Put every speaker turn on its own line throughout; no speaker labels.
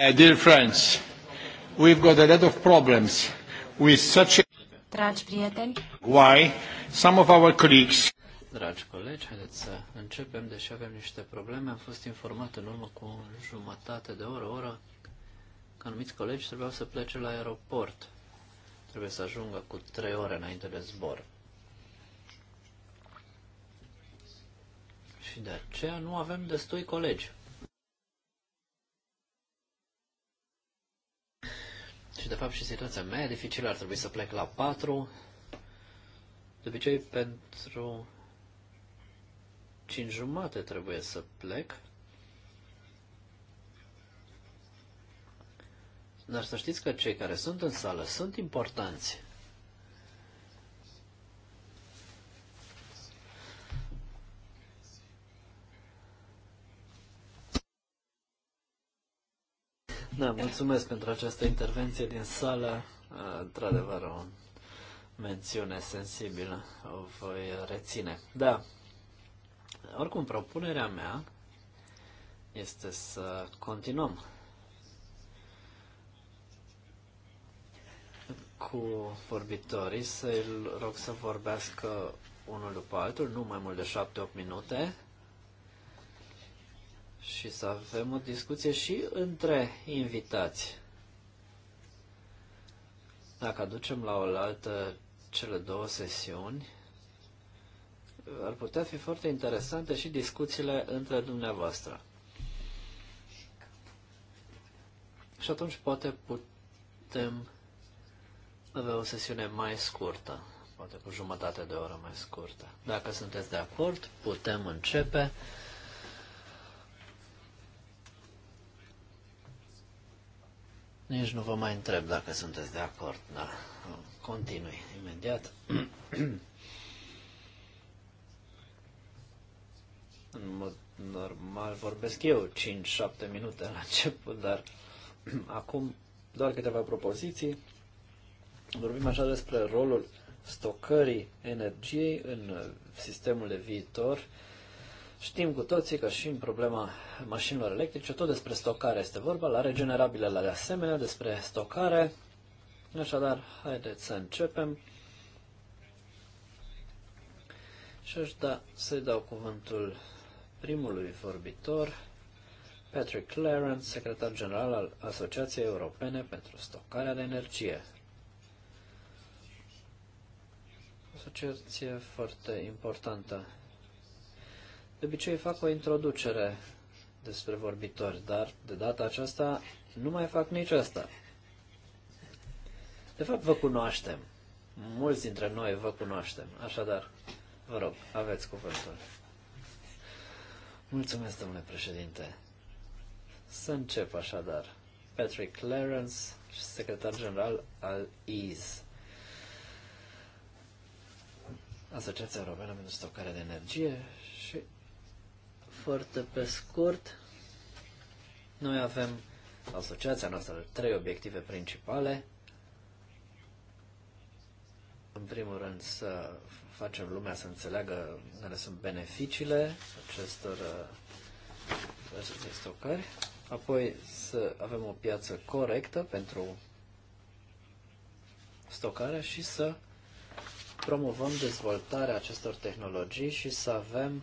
Uh, dear friends, we've got a lot of problems with such a...
Dragi prieteni,
why some of our colleagues Dragi colegi, haideți să începem, deși avem niște probleme. Am fost informat în urmă cu jumătate de oră, oră, că anumiți colegi trebuiau să plece la aeroport. Trebuie să ajungă cu trei ore înainte de zbor. Și de aceea nu avem destui colegi. Și de fapt și situația mea dificilă, ar trebui să plec la 4. De obicei pentru 5 jumate trebuie să plec. Dar să știți că cei care sunt în sală sunt importanți. Da, mulțumesc pentru această intervenție din sală. Într-adevăr, o mențiune sensibilă o voi reține. Da, oricum, propunerea mea este să continuăm cu vorbitorii, să-i rog să vorbească unul după altul, nu mai mult de 7-8 minute, și să avem o discuție și între invitați. Dacă aducem la oaltă cele două sesiuni, ar putea fi foarte interesante și discuțiile între dumneavoastră. Și atunci poate putem avea o sesiune mai scurtă, poate cu jumătate de oră mai scurtă. Dacă sunteți de acord, putem începe. Nici nu vă mai întreb dacă sunteți de acord, da. Continui imediat. În mod normal vorbesc eu 5-7 minute la început, dar acum doar câteva propoziții. Vorbim așa despre rolul stocării energiei în sistemul de viitor Știm cu toții că și în problema mașinilor electrice tot despre stocare este vorba, la regenerabile la de asemenea, despre stocare. Așadar, haideți să începem. Și aș da să-i dau cuvântul primului vorbitor, Patrick Clarence, secretar general al Asociației Europene pentru Stocarea de Energie. Asociație foarte importantă de obicei fac o introducere despre vorbitori, dar de data aceasta nu mai fac nici asta. De fapt, vă cunoaștem. Mulți dintre noi vă cunoaștem. Așadar, vă rog, aveți cuvântul. Mulțumesc, domnule președinte. Să încep așadar. Patrick Clarence, secretar general al EASE. Asociația Europeană pentru Stocare de Energie și foarte pe scurt, noi avem asociația noastră trei obiective principale. În primul rând să facem lumea să înțeleagă care sunt beneficiile acestor, acestor stocări, apoi să avem o piață corectă pentru stocare și să promovăm dezvoltarea acestor tehnologii și să avem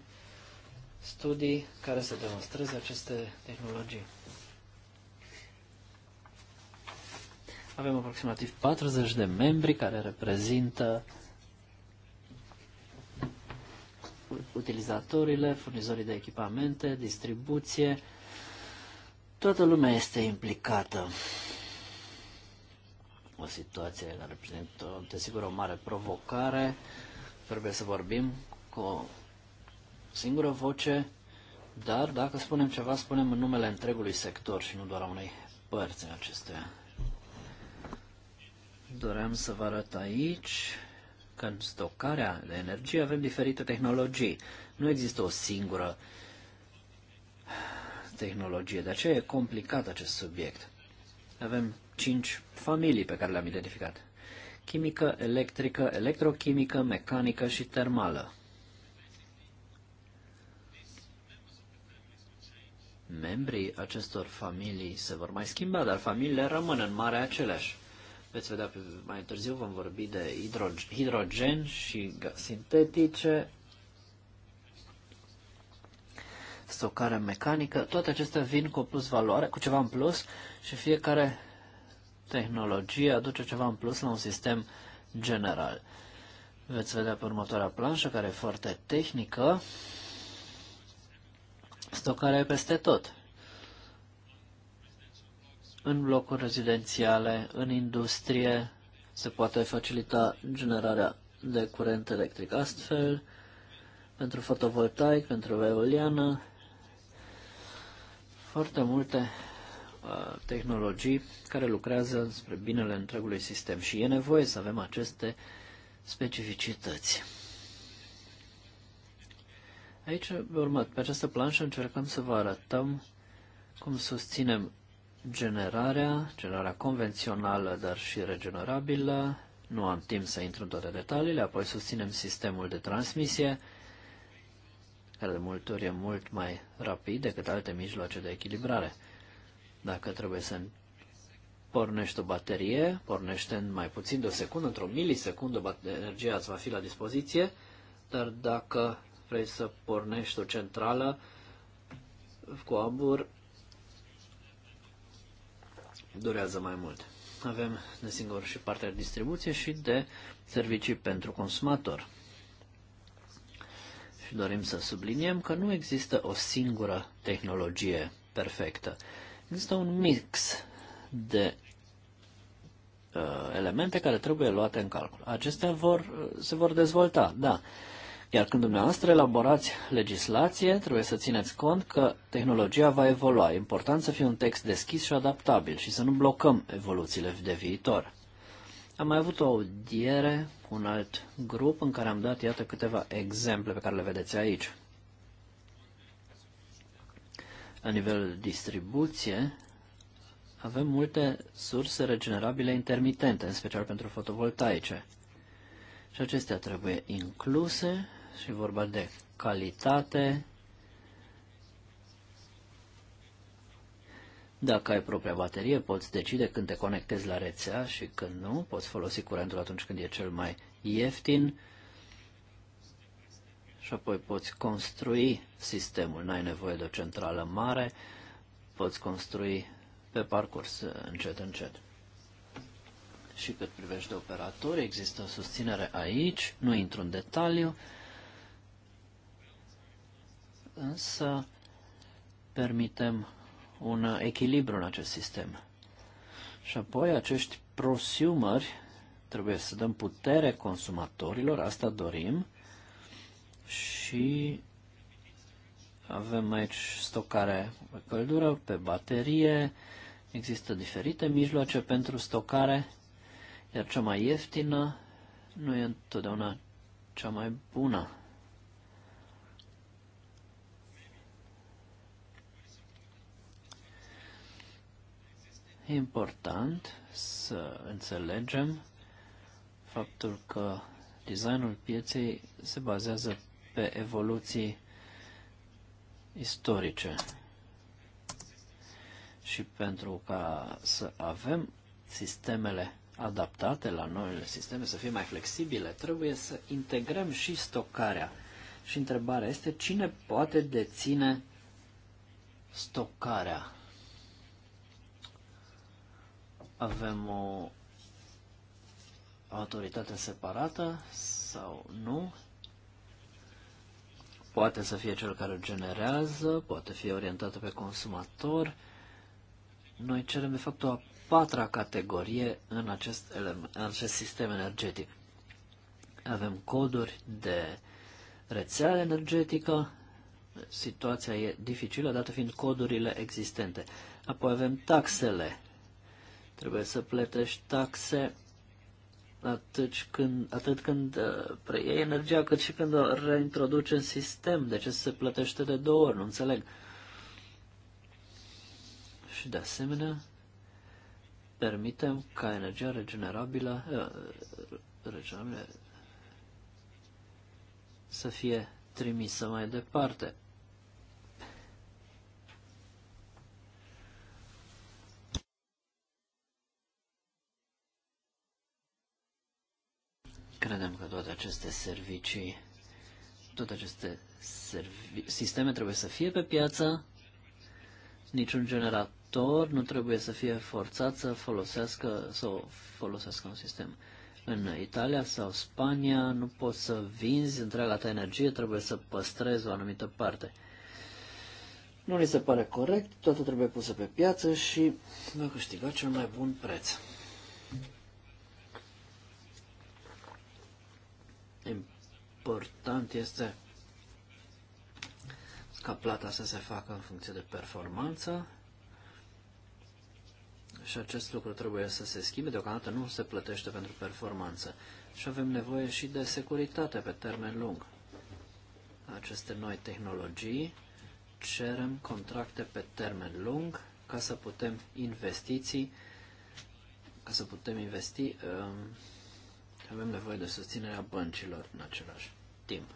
studii care să demonstreze aceste tehnologii. Avem aproximativ 40 de membri care reprezintă utilizatorile, furnizorii de echipamente, distribuție. Toată lumea este implicată. O situație care reprezintă, desigur, o mare provocare. Trebuie să vorbim cu singură voce, dar dacă spunem ceva, spunem în numele întregului sector și nu doar a unei părți în acestea. Doream să vă arăt aici că în stocarea de energie avem diferite tehnologii. Nu există o singură tehnologie, de aceea e complicat acest subiect. Avem cinci familii pe care le-am identificat. Chimică, electrică, electrochimică, mecanică și termală. membrii acestor familii se vor mai schimba, dar familiile rămân în mare aceleași. Veți vedea pe mai târziu, vom vorbi de hidrogen și sintetice, stocare mecanică, toate acestea vin cu o plus valoare, cu ceva în plus și fiecare tehnologie aduce ceva în plus la un sistem general. Veți vedea pe următoarea planșă, care e foarte tehnică, Stocarea e peste tot. În blocuri rezidențiale, în industrie, se poate facilita generarea de curent electric. Astfel, pentru fotovoltaic, pentru eoliană, foarte multe uh, tehnologii care lucrează spre binele întregului sistem și e nevoie să avem aceste specificități. Aici, pe urmat, pe această planșă încercăm să vă arătăm cum susținem generarea, generarea convențională, dar și regenerabilă. Nu am timp să intru în toate detaliile, apoi susținem sistemul de transmisie, care de multe ori e mult mai rapid decât alte mijloace de echilibrare. Dacă trebuie să pornești o baterie, pornește în mai puțin de o secundă, într-o milisecundă energia îți va fi la dispoziție, dar dacă vrei să pornești o centrală cu abur, durează mai mult. Avem, de singur, și partea de distribuție și de servicii pentru consumator. Și dorim să subliniem că nu există o singură tehnologie perfectă. Există un mix de uh, elemente care trebuie luate în calcul. Acestea vor, se vor dezvolta, da. Uh, iar când dumneavoastră elaborați legislație, trebuie să țineți cont că tehnologia va evolua. E important să fie un text deschis și adaptabil și să nu blocăm evoluțiile de viitor. Am mai avut o audiere cu un alt grup în care am dat, iată, câteva exemple pe care le vedeți aici. La nivel distribuție, avem multe surse regenerabile intermitente, în special pentru fotovoltaice. Și acestea trebuie incluse și vorba de calitate. Dacă ai propria baterie, poți decide când te conectezi la rețea și când nu. Poți folosi curentul atunci când e cel mai ieftin și apoi poți construi sistemul. N-ai nevoie de o centrală mare, poți construi pe parcurs încet, încet. Și cât privește operatorii, există o susținere aici, nu intru în detaliu, însă permitem un echilibru în acest sistem. Și apoi acești prosumări trebuie să dăm putere consumatorilor, asta dorim, și avem aici stocare pe căldură, pe baterie, există diferite mijloace pentru stocare, iar cea mai ieftină nu e întotdeauna cea mai bună. E important să înțelegem faptul că designul pieței se bazează pe evoluții istorice. Și pentru ca să avem sistemele adaptate la noile sisteme, să fie mai flexibile, trebuie să integrăm și stocarea. Și întrebarea este cine poate deține stocarea avem o autoritate separată sau nu. Poate să fie cel care generează, poate fi orientată pe consumator. Noi cerem, de fapt, o a patra categorie în acest, element, în acest sistem energetic. Avem coduri de rețea energetică, situația e dificilă, dată fiind codurile existente. Apoi avem taxele Trebuie să plătești taxe atunci când, atât când uh, preiei energia, cât și când o reintroduci în sistem. De ce se plătește de două ori? Nu înțeleg. Și de asemenea, permitem ca energia regenerabilă, uh, regenerabilă să fie trimisă mai departe. Credem că toate aceste servicii, toate aceste servi- sisteme trebuie să fie pe piață, niciun generator nu trebuie să fie forțat să folosească, să folosească un sistem. În Italia sau Spania nu poți să vinzi întreaga ta energie, trebuie să păstrezi o anumită parte. Nu li se pare corect, toate trebuie puse pe piață și va câștiga cel mai bun preț. Important este ca plata să se facă în funcție de performanță și acest lucru trebuie să se schimbe. Deocamdată nu se plătește pentru performanță și avem nevoie și de securitate pe termen lung. Aceste noi tehnologii cerem contracte pe termen lung ca să putem investiții, ca să putem investi uh, avem nevoie de susținerea băncilor în același timp.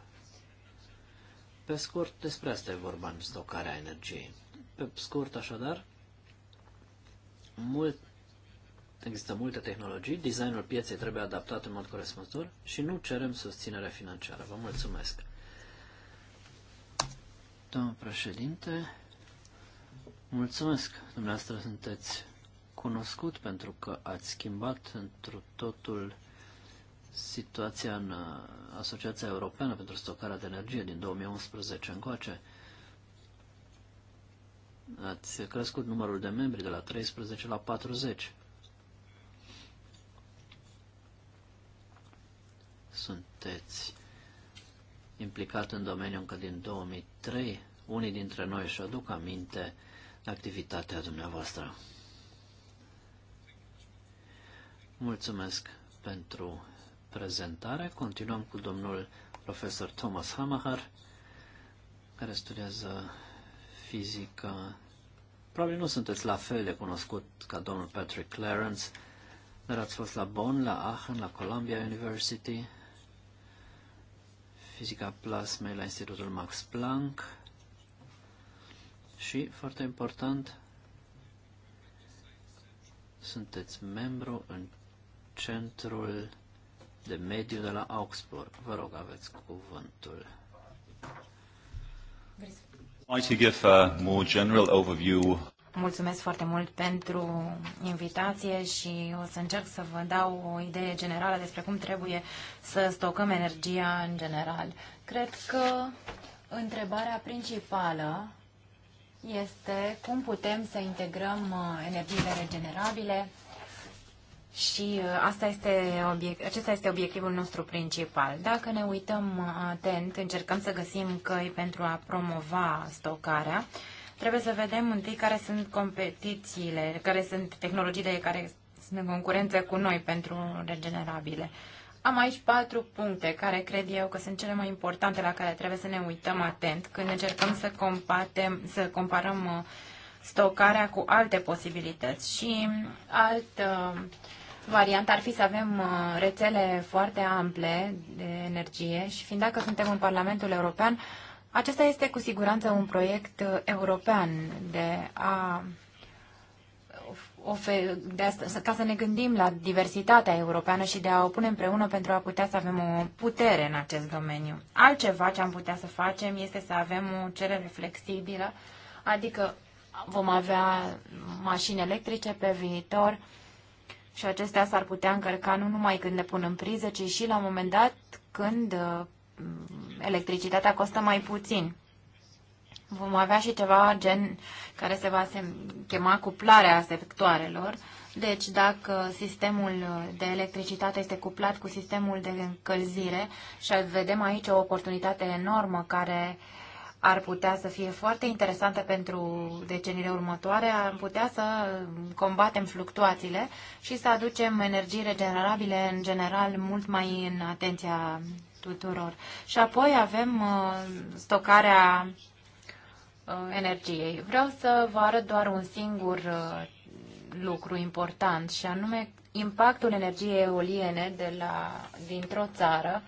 Pe scurt, despre asta e vorba în stocarea energiei. Pe scurt, așadar, mult, există multe tehnologii, designul pieței trebuie adaptat în mod corespunzător și nu cerem susținere financiară. Vă mulțumesc. Domnul președinte, mulțumesc. Dumneavoastră sunteți cunoscut pentru că ați schimbat întru totul situația în uh, Asociația Europeană pentru Stocarea de Energie din 2011 încoace. Ați crescut numărul de membri de la 13 la 40. Sunteți implicat în domeniu încă din 2003. Unii dintre noi își aduc aminte de activitatea dumneavoastră. Mulțumesc pentru prezentare. Continuăm cu domnul profesor Thomas Hamahar, care studiază fizică. Probabil nu sunteți la fel de cunoscut ca domnul Patrick Clarence, dar ați fost la Bonn, la Aachen, la Columbia University, fizica plasmei la Institutul Max Planck și, foarte important, sunteți membru în Centrul de mediu de la Augsburg. Vă rog, aveți cuvântul.
Vreți? to give a more general overview
Mulțumesc foarte mult pentru invitație și o să încerc să vă dau o idee generală despre cum trebuie să stocăm energia în general. Cred că întrebarea principală este cum putem să integrăm uh, energiile regenerabile și uh, asta este obiect, acesta este obiectivul nostru principal. Dacă ne uităm uh, atent, încercăm să găsim căi pentru a promova stocarea, trebuie să vedem întâi care sunt competițiile, care sunt tehnologiile care sunt în concurență cu noi pentru regenerabile. Am aici patru puncte care cred eu că sunt cele mai importante la care trebuie să ne uităm atent când încercăm să, compatem, să comparăm uh, stocarea cu alte posibilități. Și alt uh, Variant ar fi să avem uh, rețele foarte ample de energie și fiind dacă suntem în Parlamentul European, acesta este cu siguranță un proiect uh, european de a de a, ca să ne gândim la diversitatea europeană și de a o pune împreună pentru a putea să avem o putere în acest domeniu. Altceva ce am putea să facem este să avem o cerere flexibilă, adică vom avea mașini electrice pe viitor, și acestea s-ar putea încărca nu numai când le pun în priză, ci și la un moment dat când uh, electricitatea costă mai puțin. Vom avea și ceva gen care se va chema cuplarea sectoarelor. Deci, dacă sistemul uh, de electricitate este cuplat cu sistemul de încălzire și vedem aici o oportunitate enormă care uh, ar putea să fie foarte interesantă pentru deceniile următoare, am putea să combatem fluctuațiile și să aducem energii regenerabile în general mult mai în atenția tuturor. Și apoi avem uh, stocarea uh, energiei. Vreau să vă arăt doar un singur uh, lucru important și anume impactul energiei eoliene de la, dintr-o țară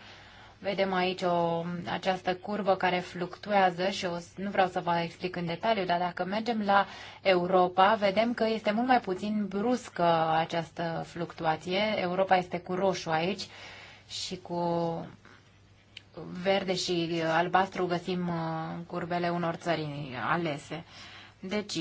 Vedem aici o, această curbă care fluctuează și o, nu vreau să vă explic în detaliu, dar dacă mergem la Europa, vedem că este mult mai puțin bruscă această fluctuație. Europa este cu roșu aici și cu verde și albastru găsim uh, curbele unor țări alese. Deci,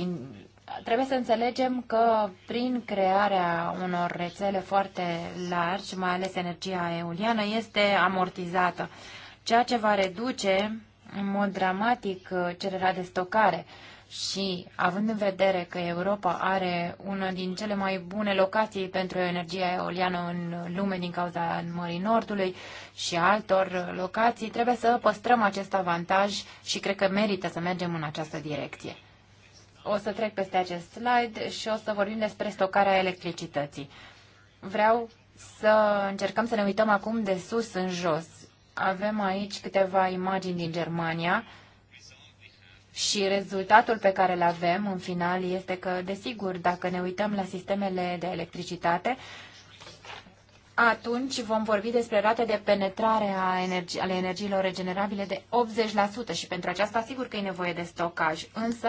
Trebuie să înțelegem că prin crearea unor rețele foarte largi, mai ales energia eoliană, este amortizată, ceea ce va reduce în mod dramatic uh, cererea de stocare. Și având în vedere că Europa are una din cele mai bune locații pentru energia eoliană în lume din cauza Mării Nordului și altor locații, trebuie să păstrăm acest avantaj și cred că merită să mergem în această direcție. O să trec peste acest slide și o să vorbim despre stocarea electricității. Vreau să încercăm să ne uităm acum de sus în jos. Avem aici câteva imagini din Germania și rezultatul pe care îl avem în final este că, desigur, dacă ne uităm la sistemele de electricitate, atunci vom vorbi despre rate de penetrare a energi- ale energiilor regenerabile de 80% și pentru aceasta sigur că e nevoie de stocaj. Însă,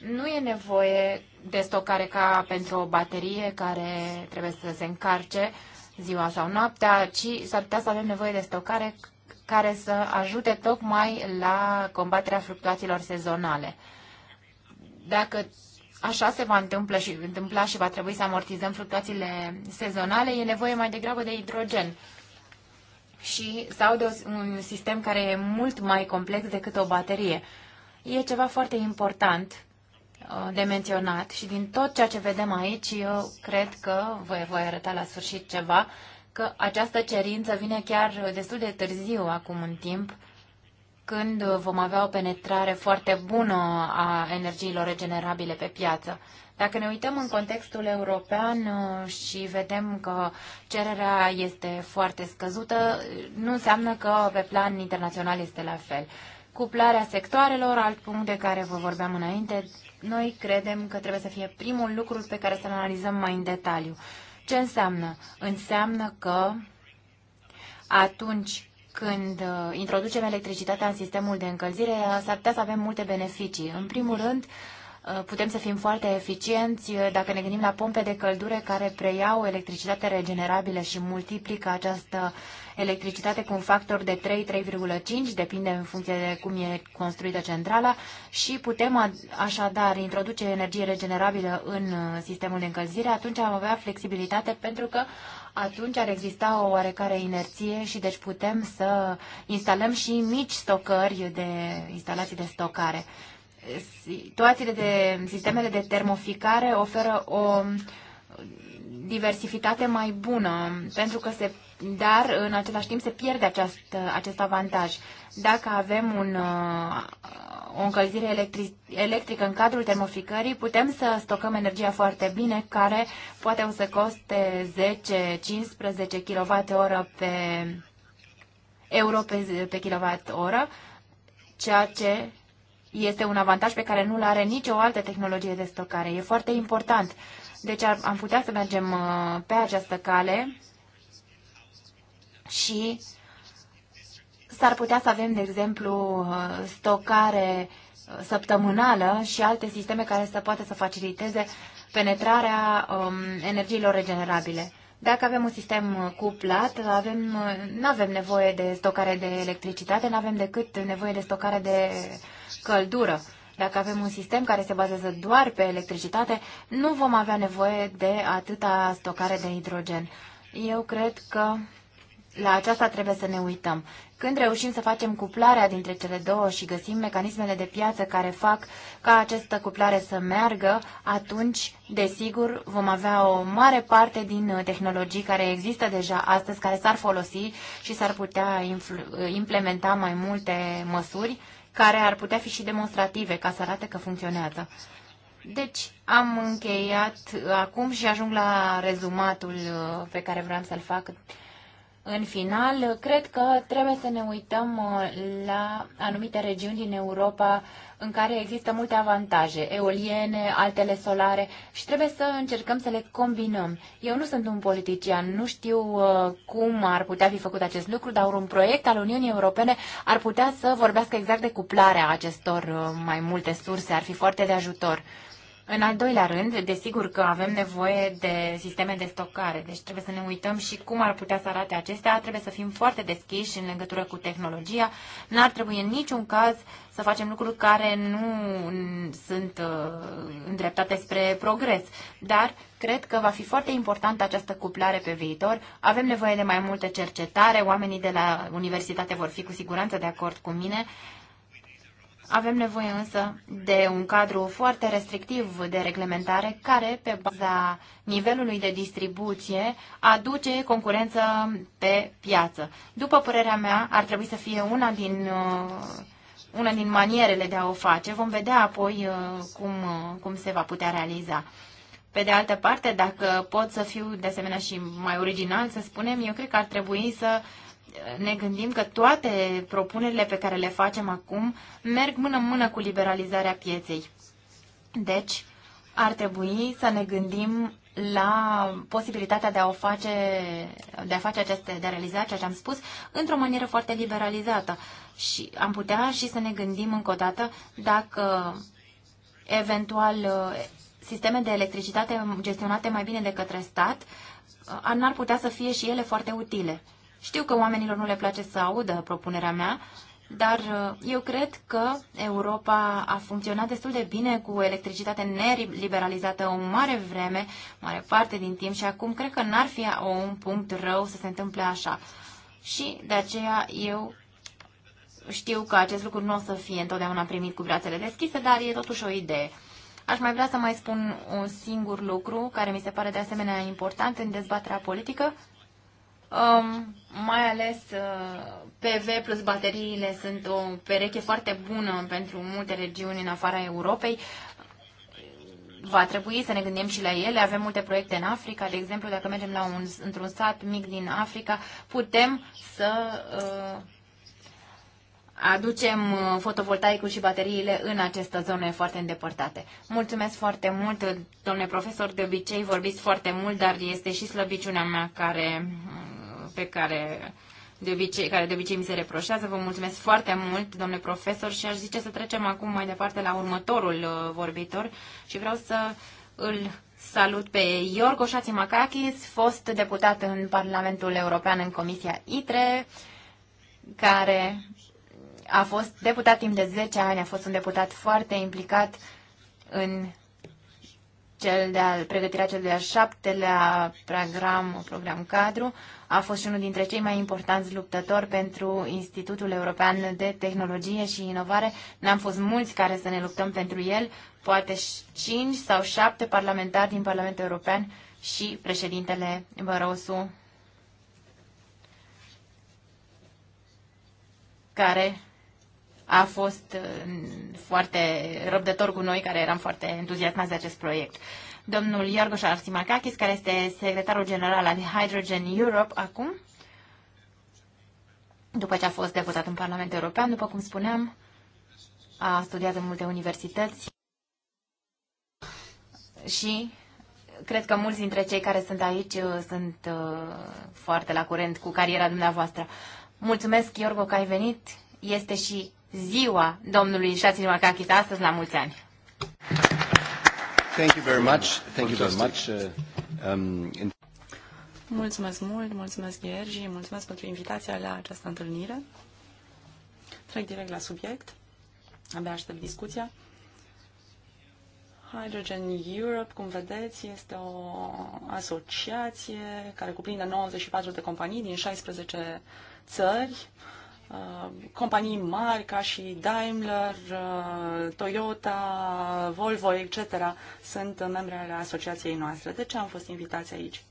nu e nevoie de stocare ca pentru o baterie care trebuie să se încarce ziua sau noaptea, ci s-ar putea să avem nevoie de stocare care să ajute tocmai la combaterea fluctuațiilor sezonale. Dacă așa se va întâmpla și, întâmpla și va trebui să amortizăm fluctuațiile sezonale, e nevoie mai degrabă de hidrogen și, sau de un sistem care e mult mai complex decât o baterie. E ceva foarte important Uh, de menționat și din tot ceea ce vedem aici, eu cred că, vă voi arăta la sfârșit ceva, că această cerință vine chiar destul de târziu acum în timp, când vom avea o penetrare foarte bună a energiilor regenerabile pe piață. Dacă ne uităm în contextul european uh, și vedem că cererea este foarte scăzută, nu înseamnă că pe plan internațional este la fel. Cuplarea sectoarelor, alt punct de care vă vorbeam înainte, noi credem că trebuie să fie primul lucru pe care să-l analizăm mai în detaliu. Ce înseamnă? Înseamnă că atunci când uh, introducem electricitatea în sistemul de încălzire, uh, s-ar putea să avem multe beneficii. În primul rând, Uh, putem să fim foarte eficienți uh, dacă ne gândim la pompe de căldură care preiau electricitate regenerabilă și multiplică această electricitate cu un factor de 3-3,5, depinde în funcție de cum e construită centrala și putem așadar introduce energie regenerabilă în uh, sistemul de încălzire, atunci am avea flexibilitate pentru că atunci ar exista o oarecare inerție și deci putem să instalăm și mici stocări de instalații de stocare situațiile de sistemele de termoficare oferă o diversitate mai bună, pentru că se, dar în același timp se pierde acest, acest avantaj. Dacă avem un, o încălzire electric, electrică în cadrul termoficării, putem să stocăm energia foarte bine, care poate o să coste 10-15 kWh pe euro pe, pe kWh, ceea ce este un avantaj pe care nu-l are nicio altă tehnologie de stocare. E foarte important. Deci am putea să mergem uh, pe această cale și s-ar putea să avem, de exemplu, uh, stocare uh, săptămânală și alte sisteme care să poată să faciliteze penetrarea um, energiilor regenerabile. Dacă avem un sistem cuplat, avem, nu avem nevoie de stocare de electricitate, nu avem decât nevoie de stocare de căldură. Dacă avem un sistem care se bazează doar pe electricitate, nu vom avea nevoie de atâta stocare de hidrogen. Eu cred că la aceasta trebuie să ne uităm. Când reușim să facem cuplarea dintre cele două și găsim mecanismele de piață care fac ca această cuplare să meargă, atunci, desigur, vom avea o mare parte din uh, tehnologii care există deja astăzi, care s-ar folosi și s-ar putea uh, implementa mai multe măsuri care ar putea fi și demonstrative ca să arate că funcționează. Deci am încheiat acum și ajung la rezumatul uh, pe care vreau să-l fac în final, cred că trebuie să ne uităm uh, la anumite regiuni din Europa în care există multe avantaje, eoliene, altele solare și trebuie să încercăm să le combinăm. Eu nu sunt un politician, nu știu uh, cum ar putea fi făcut acest lucru, dar un proiect al Uniunii Europene ar putea să vorbească exact de cuplarea acestor uh, mai multe surse, ar fi foarte de ajutor. În al doilea rând, desigur că avem nevoie de sisteme de stocare, deci trebuie să ne uităm și cum ar putea să arate acestea. Trebuie să fim foarte deschiși în legătură cu tehnologia. N-ar trebui în niciun caz să facem lucruri care nu sunt uh, îndreptate spre progres. Dar cred că va fi foarte importantă această cuplare pe viitor. Avem nevoie de mai multe cercetare, oamenii de la universitate vor fi cu siguranță de acord cu mine avem nevoie însă de un cadru foarte restrictiv de reglementare care, pe baza nivelului de distribuție, aduce concurență pe piață. După părerea mea, ar trebui să fie una din, uh, una din manierele de a o face. Vom vedea apoi uh, cum, uh, cum se va putea realiza. Pe de altă parte, dacă pot să fiu de asemenea și mai original, să spunem, eu cred că ar trebui să uh, ne gândim că toate propunerile pe care le facem acum merg mână-mână cu liberalizarea pieței. Deci, ar trebui să ne gândim la posibilitatea de a o face, de a face aceste, de a realiza ceea ce am spus, într-o manieră foarte liberalizată. Și am putea și să ne gândim încă o dată dacă eventual uh, sisteme de electricitate gestionate mai bine de către stat uh, n-ar putea să fie și ele foarte utile. Știu că oamenilor nu le place să audă propunerea mea, dar uh, eu cred că Europa a funcționat destul de bine cu electricitate neliberalizată o mare vreme, mare parte din timp și acum cred că n-ar fi un punct rău să se întâmple așa. Și de aceea eu știu că acest lucru nu o să fie întotdeauna primit cu brațele deschise, dar e totuși o idee. Aș mai vrea să mai spun un singur lucru care mi se pare de asemenea important în dezbaterea politică Um, mai ales uh, PV plus bateriile sunt o pereche foarte bună pentru multe regiuni în afara Europei. Va trebui să ne gândim și la ele. Avem multe proiecte în Africa. De exemplu, dacă mergem la un, într-un sat mic din Africa, putem să uh, aducem uh, fotovoltaicul și bateriile în aceste zone foarte îndepărtate. Mulțumesc foarte mult, domnule profesor. De obicei vorbiți foarte mult, dar este și slăbiciunea mea care pe care de obicei, care de obicei mi se reproșează. Vă mulțumesc foarte mult, domnule profesor, și aș zice să trecem acum mai departe la următorul uh, vorbitor și vreau să îl salut pe Iorgo Șațimakakis, fost deputat în Parlamentul European în Comisia ITRE, care a fost deputat timp de 10 ani, a fost un deputat foarte implicat în cel de-al, pregătirea cel de-al șaptelea program, program cadru, a fost și unul dintre cei mai importanți luptători pentru Institutul European de Tehnologie și Inovare. N-am fost mulți care să ne luptăm pentru el, poate cinci sau șapte parlamentari din Parlamentul European și președintele Barosu, care a fost uh, foarte răbdător cu noi, care eram foarte entuziasmați de acest proiect. Domnul Iorgos Arsimakakis, care este secretarul general al Hydrogen Europe acum, după ce a fost deputat în Parlamentul European, după cum spuneam, a studiat în multe universități și cred că mulți dintre cei care sunt aici uh, sunt uh, foarte la curent cu cariera dumneavoastră. Mulțumesc, Iorgo, că ai venit. Este și ziua domnului Șaținimakakis astăzi la mulți ani.
Thank you very much. Thank you very much. Uh, um, mulțumesc mult, mulțumesc Gheorghe, mulțumesc pentru invitația la această întâlnire. Trec direct la subiect. Abia aștept discuția. Hydrogen Europe, cum vedeți, este o asociație care cuprinde 94 de companii din 16 țări. Uh, companii mari ca și Daimler, uh, Toyota, Volvo, etc. sunt membre ale asociației noastre. De ce am fost invitați aici?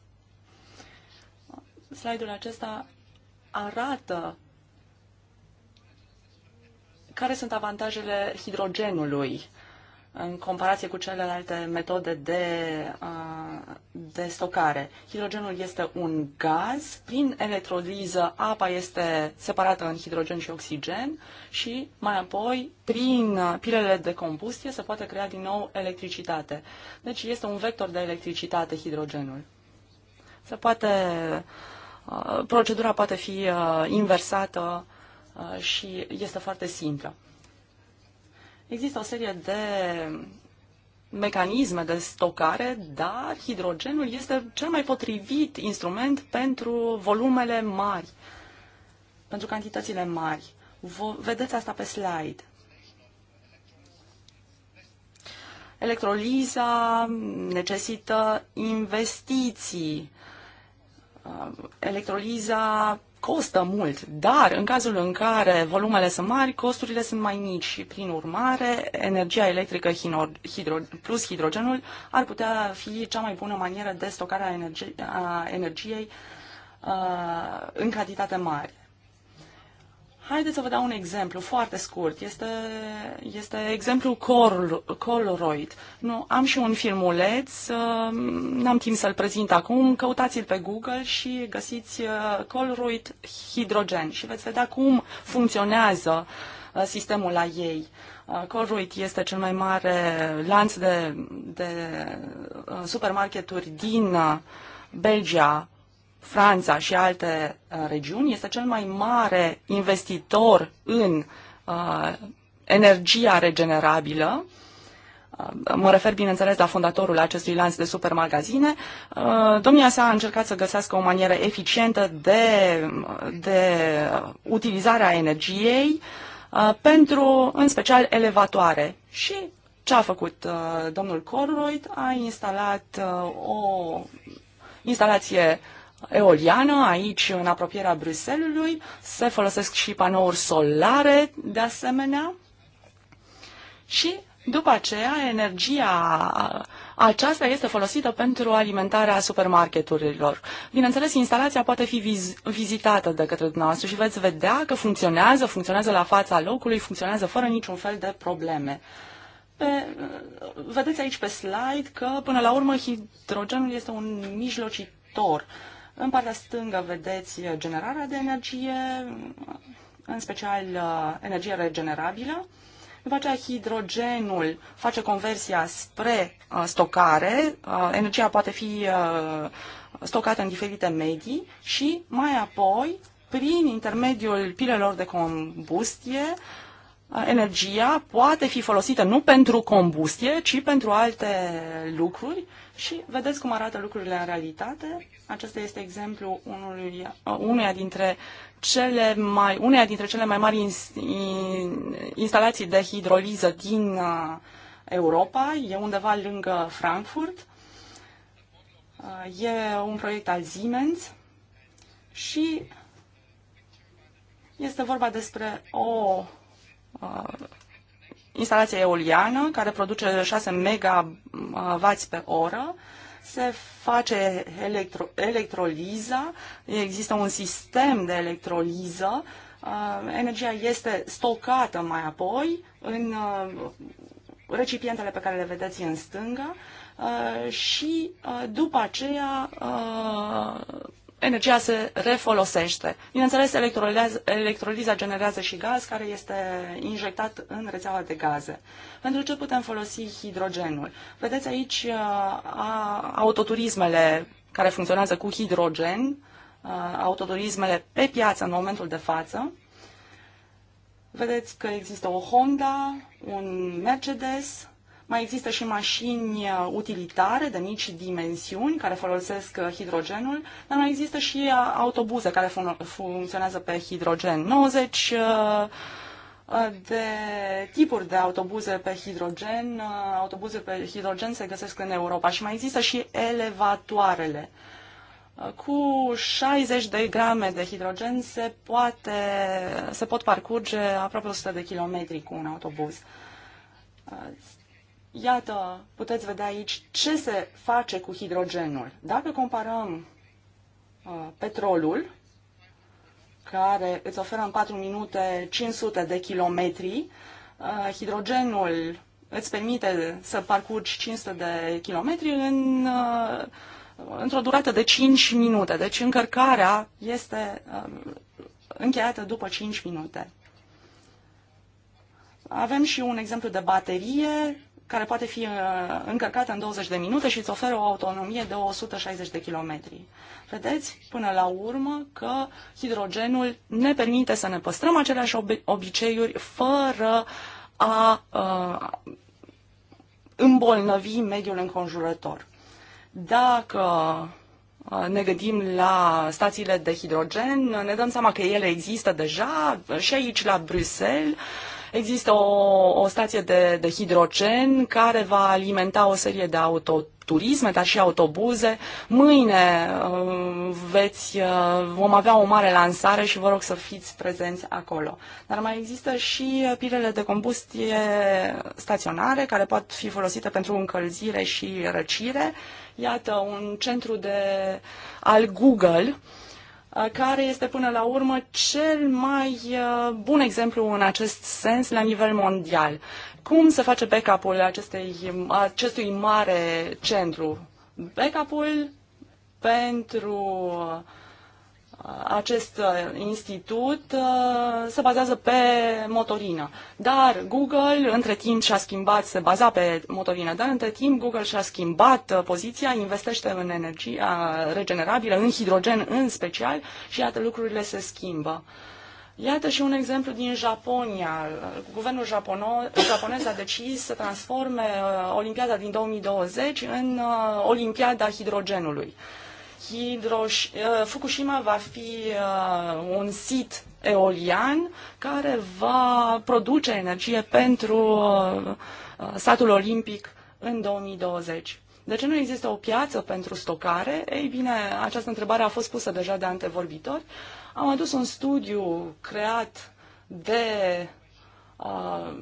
Slide-ul acesta arată care sunt avantajele hidrogenului în comparație cu celelalte metode de, de stocare. Hidrogenul este un gaz, prin electroliză apa este separată în hidrogen și oxigen și mai apoi prin pilele de combustie se poate crea din nou electricitate. Deci este un vector de electricitate hidrogenul. Se poate, procedura poate fi inversată și este foarte simplă. Există o serie de mecanisme de stocare, dar hidrogenul este cel mai potrivit instrument pentru volumele mari, pentru cantitățile mari. Vă, vedeți asta pe slide. Electroliza necesită investiții. Electroliza costă mult, dar în cazul în care volumele sunt mari, costurile sunt mai mici și, prin urmare, energia electrică hidro, plus hidrogenul ar putea fi cea mai bună manieră de stocare a, a energiei uh, în cantitate mare. Haideți să vă dau un exemplu foarte scurt. Este, este exemplul Coloroid. Nu, am și un filmuleț, um, n-am timp să-l prezint acum, căutați-l pe Google și găsiți uh, Coloroid hidrogen și veți vedea cum funcționează uh, sistemul la ei. Uh, coloroid este cel mai mare lanț de, de supermarketuri din Belgia, Franța și alte uh, regiuni, este cel mai mare investitor în uh, energia regenerabilă. Uh, mă refer, bineînțeles, la fondatorul acestui lanț de supermagazine. Domnia sa a încercat să găsească o manieră eficientă de, de utilizarea energiei pentru, în special, elevatoare. Și ce a făcut domnul Corroyd? A instalat o instalație uh, eoliană, aici în apropierea Bruselului, se folosesc și panouri solare de asemenea și după aceea energia aceasta este folosită pentru alimentarea supermarketurilor. Bineînțeles, instalația poate fi viz- vizitată de către dumneavoastră și veți vedea că funcționează, funcționează la fața locului, funcționează fără niciun fel de probleme. Pe, vedeți aici pe slide că, până la urmă, hidrogenul este un mijlocitor în partea stângă vedeți generarea de energie, în special uh, energie regenerabilă. După aceea hidrogenul face conversia spre uh, stocare, uh, energia poate fi stocată în diferite medii și mai apoi, prin intermediul pilelor de combustie, energia poate fi folosită nu pentru combustie, ci pentru alte lucruri și vedeți cum arată lucrurile în realitate. Acesta este exemplu unului, unuia, dintre cele mai, uneia dintre cele mai mari ins, in, instalații de hidroliză din Europa, e undeva lângă Frankfurt. E un proiect al Siemens și este vorba despre o Uh, instalație eoliană care produce 6 MW pe oră, se face electro, electroliza, există un sistem de electroliză, uh, energia este stocată mai apoi în uh, recipientele pe care le vedeți în stânga și după aceea energia se refolosește. Bineînțeles, electroliza, generează și gaz care este injectat în rețeaua de gaze. Pentru ce putem folosi hidrogenul? Vedeți aici uh, a, autoturismele care funcționează cu hidrogen, a, uh, autoturismele pe piață în momentul de față. Vedeți că există o Honda, un Mercedes, mai există și mașini uh, utilitare de mici dimensiuni care folosesc uh, hidrogenul, dar mai există și uh, autobuze care fun- funcționează pe hidrogen. 90 de tipuri de autobuze pe hidrogen, autobuze pe hidrogen se găsesc în Europa și mai există și elevatoarele. Cu 60 de grame de hidrogen se, poate, se pot parcurge aproape 100 de kilometri cu un autobuz. Iată, puteți vedea aici ce se face cu hidrogenul. Dacă comparăm uh, petrolul, care îți oferă în 4 minute 500 de kilometri, uh, hidrogenul îți permite să parcurgi 500 de kilometri în, uh, într-o durată de 5 minute. Deci încărcarea este uh, încheiată după 5 minute. Avem și un exemplu de baterie care poate fi uh, încărcată în 20 de minute și îți oferă o autonomie de 160 de kilometri. Vedeți, până la urmă, că hidrogenul ne permite să ne păstrăm aceleași obiceiuri fără a uh, îmbolnăvi mediul înconjurător. Dacă uh, ne gândim la stațiile de hidrogen, ne dăm seama că ele există deja uh, și aici la Bruxelles, Există o, o stație de, de hidrogen care va alimenta o serie de autoturisme, dar și autobuze. Mâine uh, veți, uh, vom avea o mare lansare și vă rog să fiți prezenți acolo. Dar mai există și pilele de combustie staționare care pot fi folosite pentru încălzire și răcire. Iată, un centru de al Google Uh, care este până la urmă cel mai uh, bun exemplu în acest sens la nivel mondial. Cum se face backup-ul acestei, acestui mare centru? Backup-ul pentru uh, acest uh, institut uh, se bazează pe motorină. Dar Google, între timp, și-a schimbat, se baza pe motorină, dar între timp Google și-a schimbat uh, poziția, investește în energia regenerabilă, în hidrogen în special și iată lucrurile se schimbă. Iată și un exemplu din Japonia. Guvernul japonez a decis să transforme Olimpiada din 2020 în Olimpiada hidrogenului. Hidroș, uh, Fukushima va fi uh, un sit eolian care va produce energie pentru uh, satul olimpic în 2020. De ce nu există o piață pentru stocare? Ei bine, această întrebare a fost pusă deja de antevorbitori. Am adus un studiu creat de uh,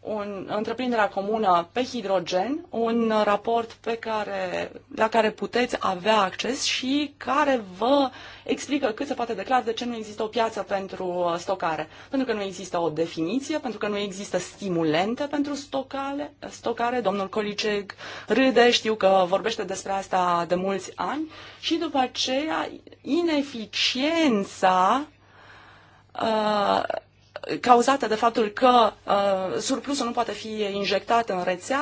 un, întreprinderea comună pe hidrogen, un raport pe care, la care puteți avea acces și care vă explică cât se poate declara de ce nu există o piață pentru uh, stocare. Pentru că nu există o definiție, pentru că nu există stimulente pentru stocare. stocare. Domnul Coliceg râde, știu că vorbește despre asta de mulți ani și după aceea ineficiența uh, cauzată de faptul că uh, surplusul nu poate fi injectat în rețea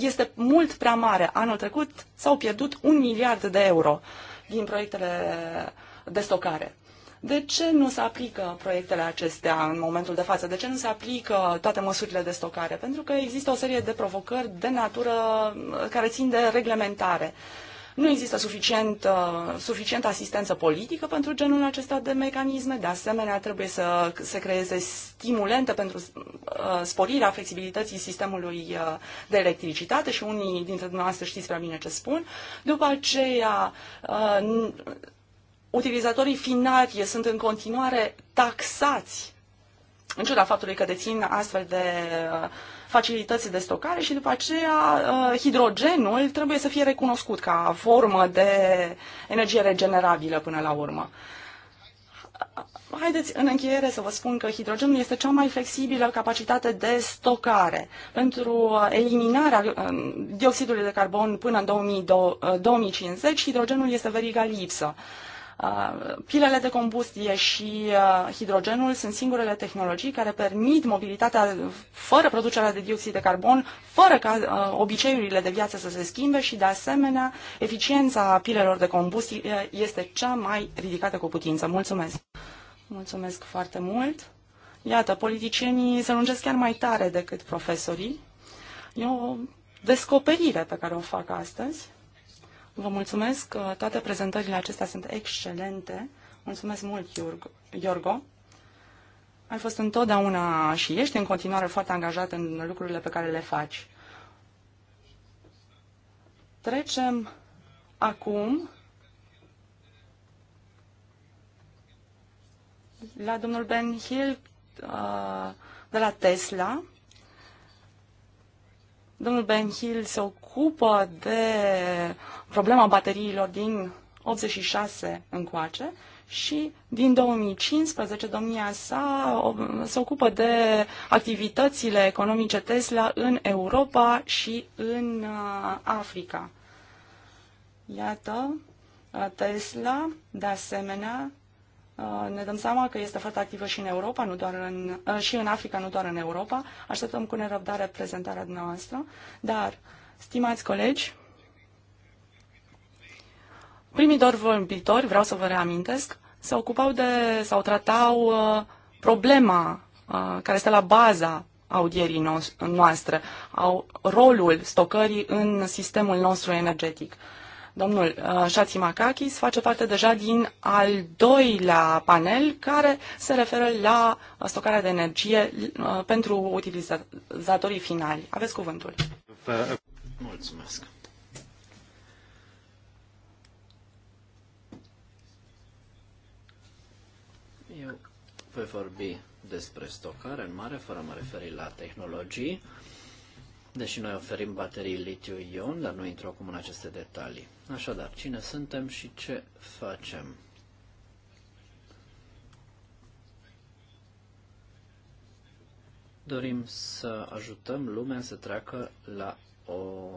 este mult prea mare. Anul trecut s-au pierdut un miliard de euro din proiectele de stocare. De ce nu se aplică proiectele acestea în momentul de față? De ce nu se aplică toate măsurile de stocare? Pentru că există o serie de provocări de natură care țin de reglementare. Uh, nu există suficient, uh, suficient asistență politică pentru genul acesta de mecanisme. De asemenea, trebuie să se creeze stimulente pentru uh, sporirea flexibilității sistemului uh, de electricitate și unii dintre dumneavoastră știți prea bine ce spun. După aceea, utilizatorii finali sunt în continuare taxați în ciuda faptului că dețin astfel de uh, facilității de stocare și după aceea uh, hidrogenul trebuie să fie recunoscut ca formă de energie regenerabilă până la urmă. Haideți în încheiere să vă spun că hidrogenul este cea mai flexibilă capacitate de stocare. Pentru uh, eliminarea uh, dioxidului de carbon până în 2050, hidrogenul este veriga lipsă. Uh, pilele de combustie și uh, hidrogenul sunt singurele tehnologii care permit mobilitatea fără producerea de dioxid de carbon, fără ca uh, obiceiurile de viață să se schimbe și, de asemenea, eficiența pilelor de combustie este cea mai ridicată cu putință. Mulțumesc! Mulțumesc foarte mult! Iată, politicienii se lungesc chiar mai tare decât profesorii. E o descoperire pe care o fac astăzi. Vă mulțumesc. Toate prezentările acestea sunt excelente. Mulțumesc mult, Iorgo. Ai fost întotdeauna și ești în continuare foarte angajat în lucrurile pe care le faci. Trecem acum la domnul Ben Hill uh, de la Tesla, Domnul Ben Hill se ocupă de problema bateriilor din 86 încoace și din 2015 domnia sa se ocupă de activitățile economice Tesla în Europa și în uh, Africa. Iată, uh, Tesla, de asemenea, Uh, ne dăm seama că este foarte activă și în Europa, nu doar în, uh, și în Africa, nu doar în Europa. Așteptăm cu nerăbdare prezentarea noastră, dar, stimați colegi, primii doi vorbitori, vreau să vă reamintesc, se ocupau de sau tratau uh, problema care este la baza audierii noastre, au, rolul stocării în sistemul nostru energetic. Domnul uh, Shati Makakis face parte deja din al doilea panel care se referă la stocarea de energie uh, pentru utilizatorii finali. Aveți cuvântul.
Mulțumesc. Eu voi vorbi despre stocare în mare, fără mă referi la tehnologii deși noi oferim baterii litiu-ion, dar nu intru acum în aceste detalii. Așadar, cine suntem și ce facem? Dorim să ajutăm lumea să treacă la o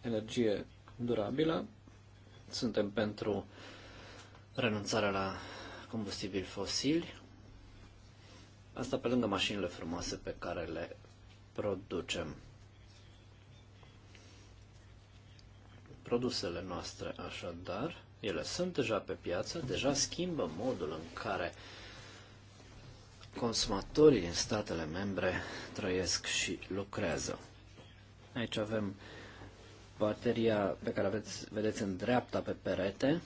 energie durabilă. Suntem pentru renunțarea la combustibili fosili. Asta pe lângă mașinile frumoase pe care le producem. produsele noastre, așadar, ele sunt deja pe piață, deja schimbă modul în care consumatorii din statele membre trăiesc și lucrează. Aici avem bateria pe care aveți, vedeți în dreapta pe perete.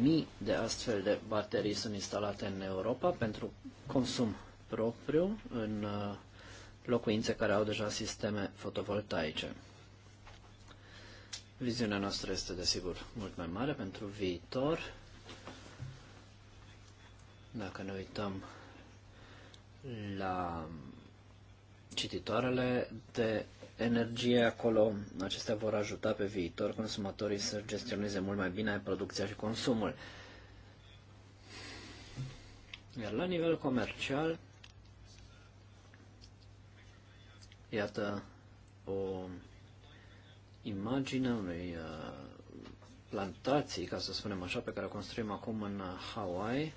Mii de astfel de baterii sunt instalate în Europa pentru consum propriu în uh, locuințe care au deja sisteme fotovoltaice. Viziunea noastră este, desigur, mult mai mare pentru viitor. Dacă ne uităm la cititoarele de energie acolo, acestea vor ajuta pe viitor consumatorii să gestioneze mult mai bine producția și consumul. Iar la nivel comercial, iată o imaginea unei uh, plantații, ca să spunem așa, pe care o construim acum în Hawaii,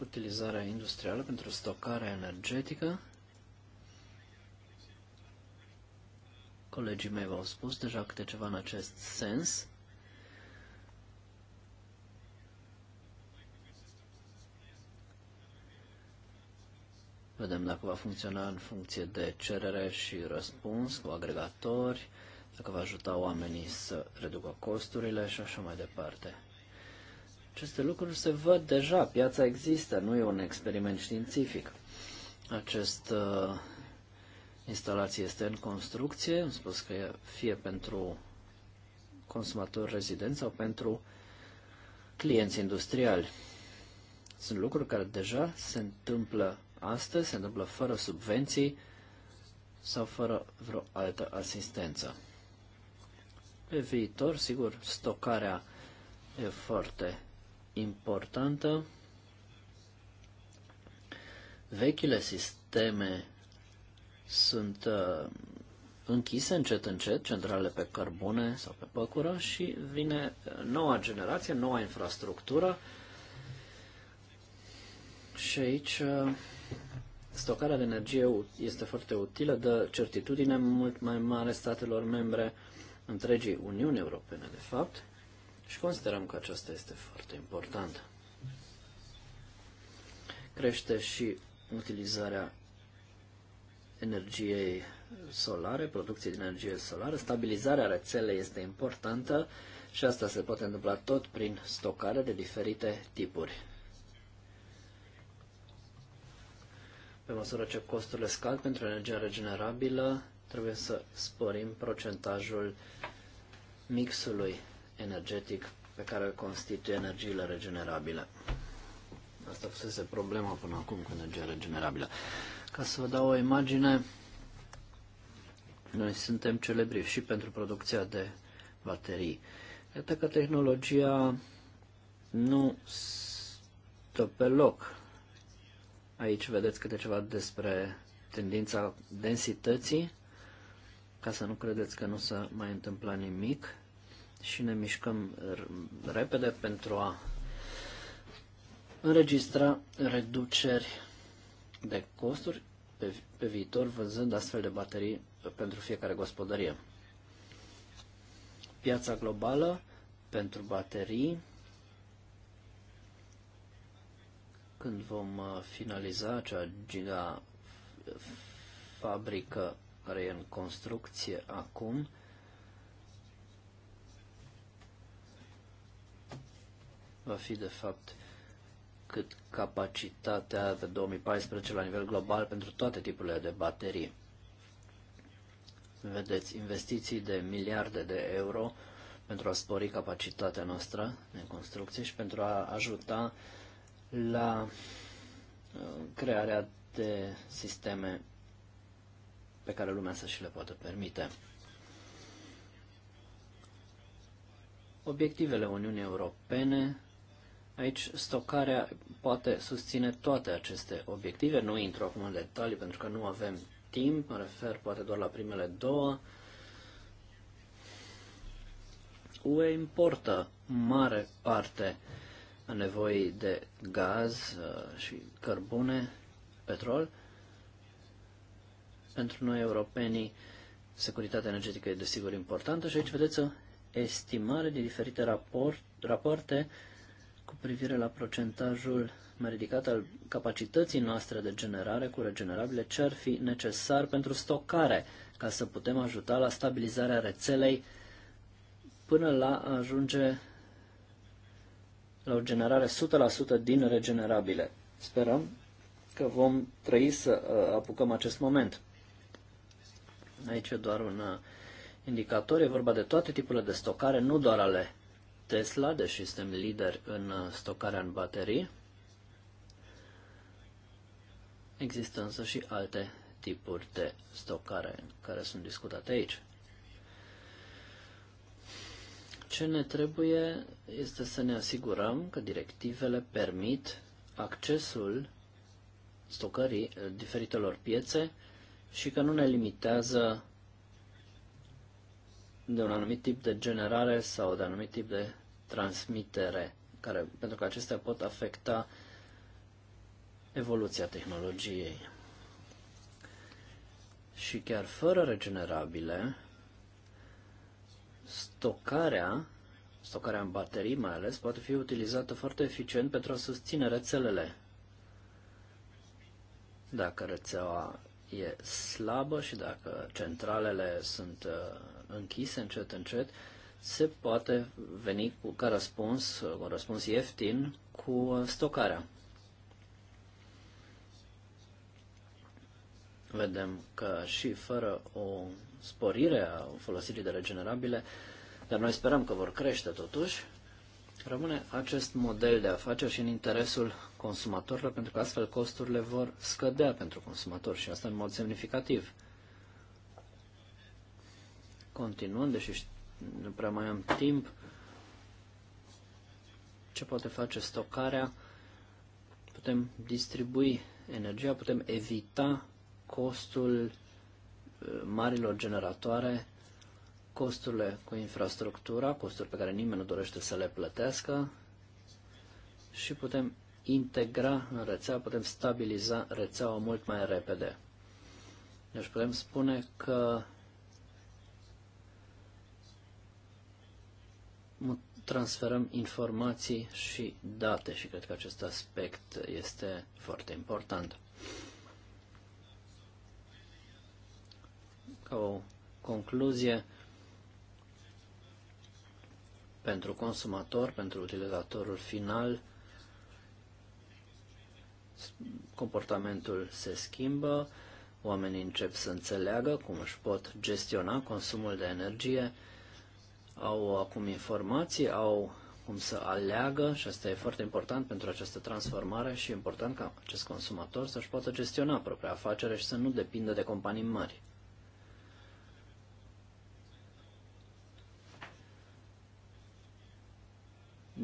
utilizarea industrială pentru stocarea energetică. Colegii mei v-au spus deja câte ceva în acest sens. Vedem dacă va funcționa în funcție de cerere și răspuns cu agregatori, dacă va ajuta oamenii să reducă costurile și așa mai departe. Aceste lucruri se văd deja, piața există, nu e un experiment științific. Această uh, instalație este în construcție, am spus că e fie pentru consumatori rezidenți sau pentru clienți industriali. Sunt lucruri care deja se întâmplă astăzi se întâmplă fără subvenții sau fără vreo altă asistență. Pe viitor, sigur, stocarea e foarte importantă. Vechile sisteme sunt uh, închise încet încet, centrale pe cărbune sau pe păcură și vine noua generație, noua infrastructură și aici uh, Stocarea de energie este foarte utilă, dă certitudine mult mai mare statelor membre întregii Uniuni Europene, de fapt, și considerăm că aceasta este foarte importantă. Crește și utilizarea energiei solare, producției de energie solară, stabilizarea rețelei este importantă și asta se poate întâmpla tot prin stocare de diferite tipuri. Pe măsură ce costurile scad pentru energia regenerabilă, trebuie să sporim procentajul mixului energetic pe care îl constituie energiile regenerabile. Asta fusese problema până acum cu energia regenerabilă. Ca să vă dau o imagine, noi suntem celebri și pentru producția de baterii. Iată că tehnologia nu stă pe loc. Aici vedeți câte ceva despre tendința densității, ca să nu credeți că nu s-a mai întâmplat nimic și ne mișcăm repede pentru a înregistra reduceri de costuri pe, pe viitor, vânzând astfel de baterii pentru fiecare gospodărie. Piața globală pentru baterii când vom uh, finaliza acea giga fabrică care e în construcție acum, va fi de fapt cât capacitatea de 2014 la nivel global pentru toate tipurile de baterii. Vedeți, investiții de miliarde de euro pentru a spori capacitatea noastră de construcție și pentru a ajuta uh, la uh, crearea de sisteme pe care lumea să și le poată permite. Obiectivele Uniunii Europene, aici stocarea poate susține toate aceste obiective, nu intru acum în detalii pentru că nu avem timp, mă refer poate doar la primele două. UE importă mare parte uh, nevoi de gaz uh, și cărbune, petrol. Pentru noi, europenii, securitatea energetică e desigur importantă și aici vedeți o estimare de diferite raport, rapoarte cu privire la procentajul mai ridicat al capacității noastre de generare cu regenerabile, ce ar fi necesar pentru stocare, ca să putem ajuta la stabilizarea rețelei până la a ajunge la o generare 100% din regenerabile. Sperăm că vom trăi să uh, apucăm acest moment. Aici e doar un uh, indicator, e vorba de toate tipurile de stocare, nu doar ale Tesla, deși suntem lideri în uh, stocarea în baterii. Există însă și alte tipuri de stocare care sunt discutate aici. Ce ne trebuie este să ne asigurăm că directivele permit accesul stocării eh, diferitelor piețe și că nu ne limitează de un anumit tip de generare sau de anumit tip de transmitere, care, pentru că acestea pot afecta evoluția tehnologiei. Și chiar fără regenerabile, stocarea, stocarea în baterii mai ales, poate fi utilizată foarte eficient pentru a susține rețelele. Dacă rețeaua e slabă și dacă centralele sunt uh, închise încet, încet, se poate veni cu, ca răspuns, uh, un răspuns ieftin, cu uh, stocarea. Vedem că și fără o sporire a folosirii de regenerabile, dar noi sperăm că vor crește totuși, rămâne acest model de afaceri și în interesul consumatorilor, pentru că astfel costurile vor scădea pentru consumator și asta în mod semnificativ. Continuând, deși nu prea mai am timp, ce poate face stocarea? Putem distribui energia, putem evita costul marilor generatoare, costurile cu infrastructura, costuri pe care nimeni nu dorește să le plătească și putem integra în rețea, putem stabiliza rețeaua mult mai repede. Deci putem spune că transferăm informații și date și cred că acest aspect este foarte important. ca o concluzie, pentru consumator, pentru utilizatorul final, comportamentul se schimbă, oamenii încep să înțeleagă cum își pot gestiona consumul de energie, au acum informații, au cum să aleagă și asta e foarte important pentru această transformare și e important ca acest consumator să-și poată gestiona propria afacere și să nu depindă de companii mari.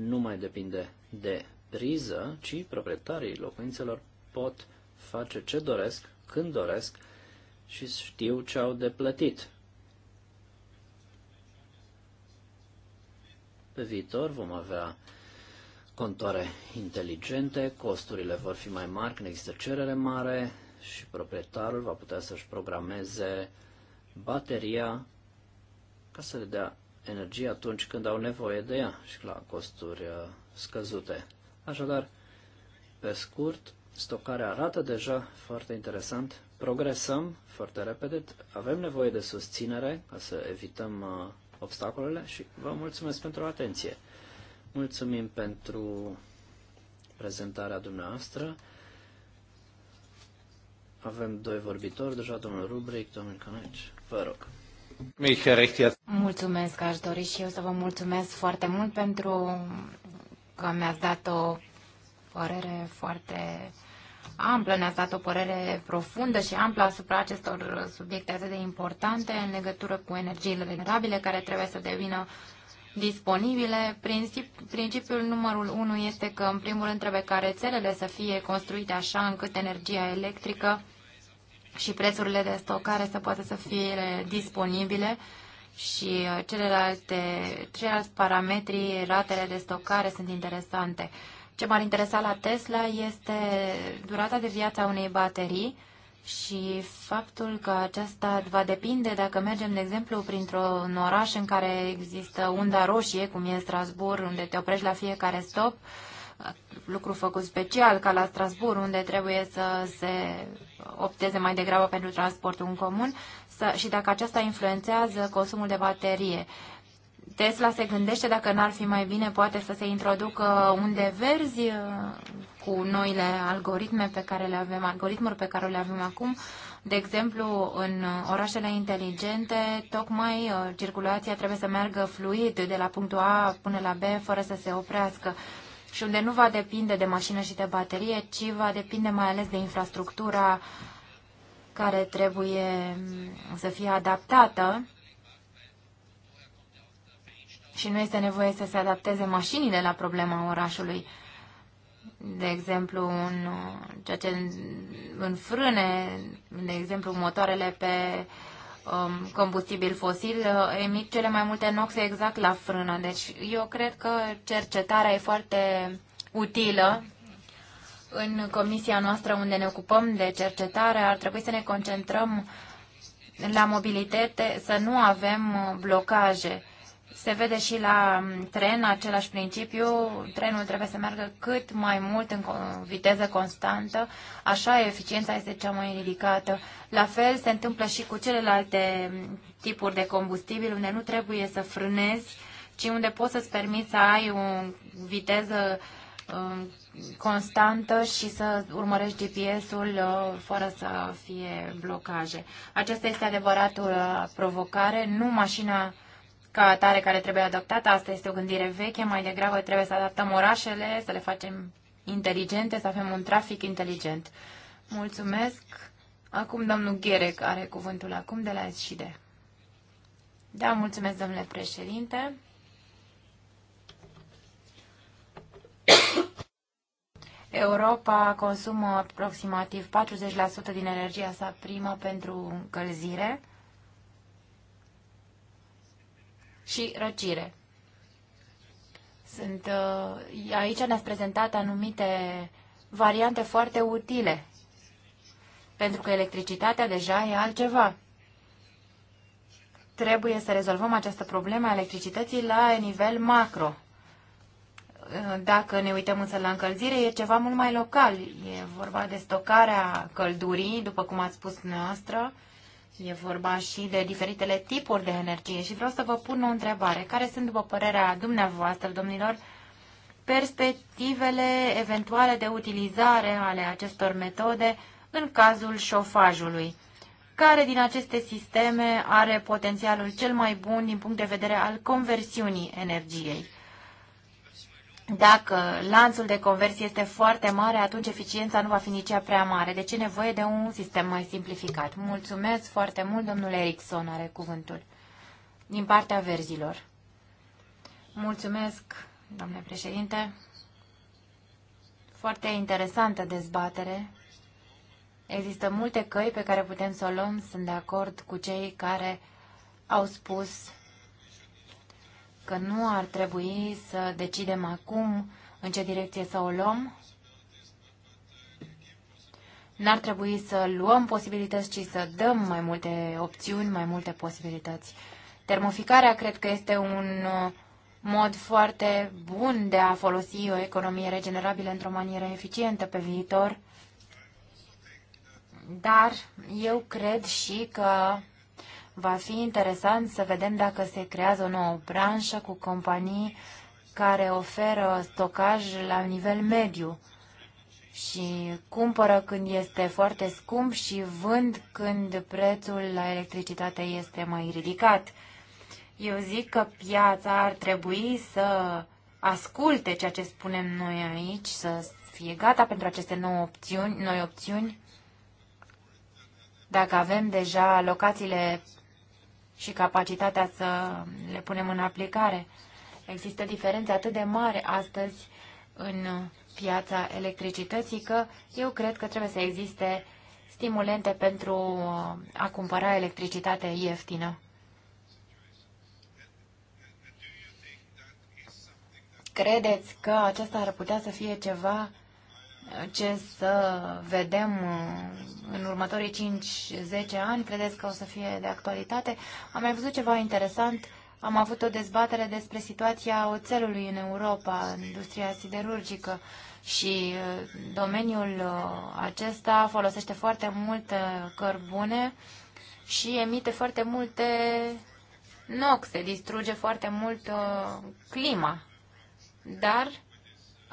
nu mai depinde de priză, ci proprietarii locuințelor pot face ce doresc, când doresc și știu ce au de plătit. Pe viitor vom avea contoare inteligente, costurile vor fi mai mari când există cerere mare și proprietarul va putea să-și programeze bateria ca să le dea energie atunci când au nevoie de ea și la costuri uh, scăzute. Așadar, pe scurt, stocarea arată deja foarte interesant, progresăm foarte repede, avem nevoie de susținere ca să evităm uh, obstacolele și vă mulțumesc pentru atenție. Mulțumim pentru prezentarea dumneavoastră. Avem doi vorbitori, deja domnul Rubric, domnul Caneci. Vă rog.
Mulțumesc, aș dori și eu să vă mulțumesc foarte mult pentru că mi-ați dat o părere foarte amplă, ne-ați dat o părere profundă și amplă asupra acestor subiecte atât de importante în legătură cu energiile regenerabile care trebuie să devină disponibile. Principiul numărul 1 este că, în primul rând, trebuie ca rețelele să fie construite așa încât energia electrică și prețurile de stocare să poată să fie disponibile și uh, celelalte, celelalte parametri, ratele de stocare sunt interesante. Ce m-ar interesa la Tesla este durata de viață a unei baterii și faptul că aceasta va depinde dacă mergem, de exemplu, printr-un oraș în care există unda roșie, cum e Strasbourg, unde te oprești la fiecare stop, lucru făcut special ca la Strasbourg, unde trebuie să se opteze mai degrabă pentru transportul în comun și dacă aceasta influențează consumul de baterie. Tesla se gândește dacă n-ar fi mai bine poate să se introducă unde verzi uh, cu noile algoritme pe care le avem, algoritmuri pe care le avem acum. De exemplu, în orașele inteligente, tocmai uh, circulația trebuie să meargă fluid de la punctul A până la B fără să se oprească și unde nu va depinde de mașină și de baterie, ci va depinde mai ales de infrastructura care trebuie mm, să fie adaptată și nu este nevoie să se adapteze mașinile la problema orașului. De exemplu, în ceea ce în frâne, de exemplu, motoarele pe uh, um, combustibil fosil uh, emit cele mai multe noxe exact la frână. Deci eu cred că cercetarea e foarte utilă în comisia noastră unde ne ocupăm de cercetare. Ar trebui să ne concentrăm la mobilitate, să nu avem blocaje se vede și la um, tren același principiu, trenul trebuie să meargă cât mai mult în viteză constantă, așa eficiența este cea mai ridicată. La fel se întâmplă și cu celelalte um, tipuri de combustibil unde nu trebuie să frânezi, ci unde poți să-ți permiți să ai o viteză um, constantă și să urmărești GPS-ul uh, fără să fie blocaje. Acesta este adevăratul uh, provocare. Nu mașina ca atare care trebuie adoptată. Asta este o gândire veche. Mai degrabă trebuie să adaptăm orașele, să le facem inteligente, să avem un trafic inteligent. Mulțumesc. Acum domnul Gherec are cuvântul acum de la SCD. Da, mulțumesc, domnule președinte. Europa consumă aproximativ 40% din energia sa primă pentru încălzire și răcire. Sunt, uh, aici ne-ați prezentat anumite variante foarte utile, pentru că electricitatea deja e altceva. Trebuie să rezolvăm această problemă a electricității la nivel macro. Uh, dacă ne uităm însă la încălzire, e ceva mult mai local. E vorba de stocarea căldurii, după cum ați spus noastră, E vorba și de diferitele tipuri de energie și vreau să vă pun o întrebare. Care sunt, după părerea dumneavoastră, domnilor, perspectivele eventuale de utilizare ale acestor metode în cazul șofajului? Care din aceste sisteme are potențialul cel mai bun din punct de vedere al conversiunii energiei? Dacă lanțul de conversie este foarte mare, atunci eficiența nu va fi nici prea mare. Deci e nevoie de un sistem mai simplificat. Mulțumesc foarte mult, domnule Erickson are cuvântul, din partea verzilor. Mulțumesc, domnule președinte. Foarte interesantă dezbatere. Există multe căi pe care putem să o luăm. Sunt de acord cu cei care au spus că nu ar trebui să decidem acum în ce direcție să o luăm. N-ar trebui să luăm posibilități, ci să dăm mai multe opțiuni, mai multe posibilități. Termoficarea cred că este un uh, mod foarte bun de a folosi o economie regenerabilă într-o manieră eficientă pe viitor. Dar eu cred și că Va fi interesant să vedem dacă se creează o nouă branșă cu companii care oferă stocaj la nivel mediu și cumpără când este foarte scump și vând când prețul la electricitate este mai ridicat. Eu zic că piața ar trebui să asculte ceea ce spunem noi aici, să fie gata pentru aceste nou opțiuni, noi opțiuni. Dacă avem deja locațiile și capacitatea să le punem în aplicare. Există diferențe atât de mari astăzi în piața electricității că eu cred că trebuie să existe stimulente pentru uh, a cumpăra electricitate ieftină. Credeți că aceasta ar putea să fie ceva ce să vedem uh, în următorii 5-10 ani, credeți că o să fie de actualitate? Am mai văzut ceva interesant. Am avut o dezbatere despre situația oțelului în Europa, industria siderurgică și uh, domeniul uh, acesta folosește foarte multe cărbune și emite foarte multe noxe, distruge foarte mult clima. Dar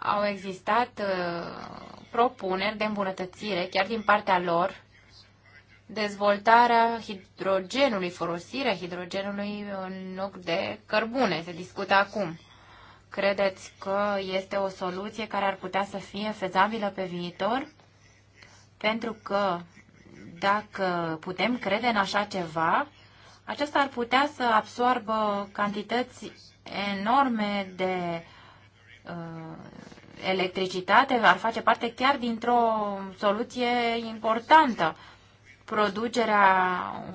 au existat uh, propuneri de îmbunătățire, chiar din partea lor, dezvoltarea hidrogenului, folosirea hidrogenului în loc de cărbune, se discută acum. Credeți că este o soluție care ar putea să fie fezabilă pe viitor? Pentru că dacă putem crede în așa ceva, acesta ar putea să absoarbă cantități enorme de Uh, electricitate ar face parte chiar dintr-o soluție importantă. Producerea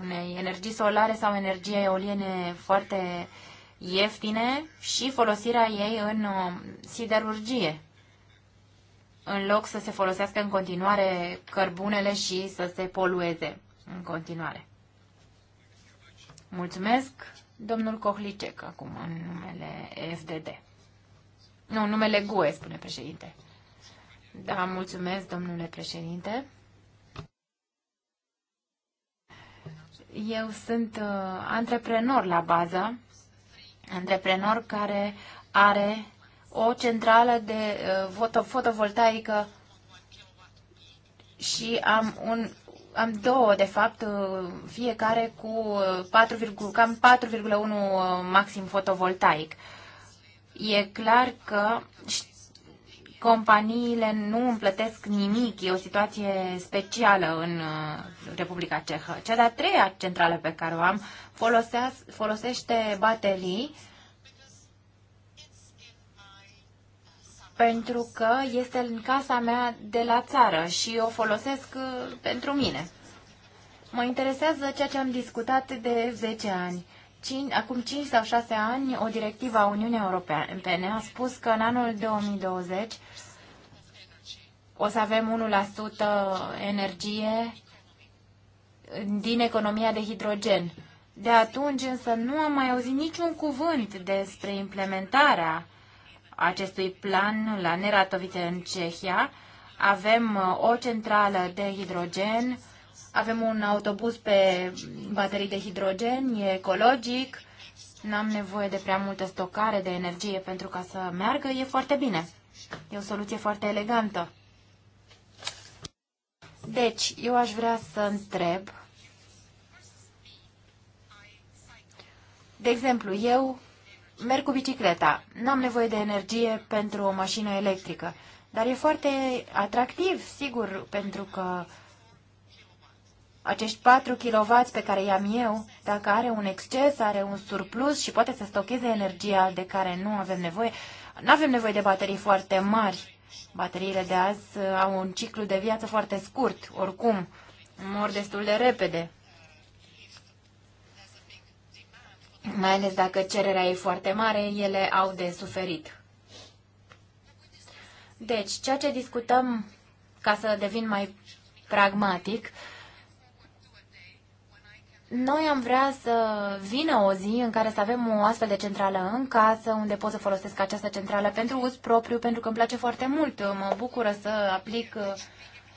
unei energii solare sau energie eoliene foarte ieftine și folosirea ei în uh, siderurgie. În loc să se folosească în continuare cărbunele și să se polueze în continuare. Mulțumesc, domnul Cohlicek, acum în numele FDD. Nu, numele GUE, spune președinte. Da, mulțumesc, domnule președinte. Eu sunt uh, antreprenor la bază, antreprenor care are o centrală de uh, fotovoltaică și am un am două, de fapt, uh, fiecare cu 4, uh, cam 4,1 uh, maxim fotovoltaic. E clar că companiile nu îmi plătesc nimic. E o situație specială în uh, Republica Cehă. Cea de-a treia centrală pe care o am folosește baterii pentru că este în casa mea de la țară și o folosesc uh, pentru mine. Mă interesează ceea ce am discutat de 10 ani acum 5 sau 6 ani, o directivă a Uniunii Europene a spus că în anul 2020 o să avem 1% energie din economia de hidrogen. De atunci însă nu am mai auzit niciun cuvânt despre implementarea acestui plan la Neratovice în Cehia. Avem uh, o centrală de hidrogen, avem un autobuz pe baterii de hidrogen, e ecologic, n-am nevoie de prea multă stocare de energie pentru ca să meargă, e foarte bine. E o soluție foarte elegantă. Deci, eu aș vrea să întreb, de exemplu, eu merg cu bicicleta, n-am nevoie de energie pentru o mașină electrică, dar e foarte atractiv, sigur, pentru că acești 4 kW pe care i-am eu, dacă are un exces, are un surplus și poate să stocheze energia de care nu avem nevoie, nu avem nevoie de baterii foarte mari. Bateriile de azi uh, au un ciclu de viață foarte scurt, oricum, mor destul de repede. Mai ales dacă cererea e foarte mare, ele au de suferit. Deci, ceea ce discutăm, ca să devin mai pragmatic, uh, noi am vrea să vină o zi în care să avem o astfel de centrală în casă, unde pot să folosesc această centrală pentru uz propriu, pentru că îmi place foarte mult. Mă bucură să aplic uh,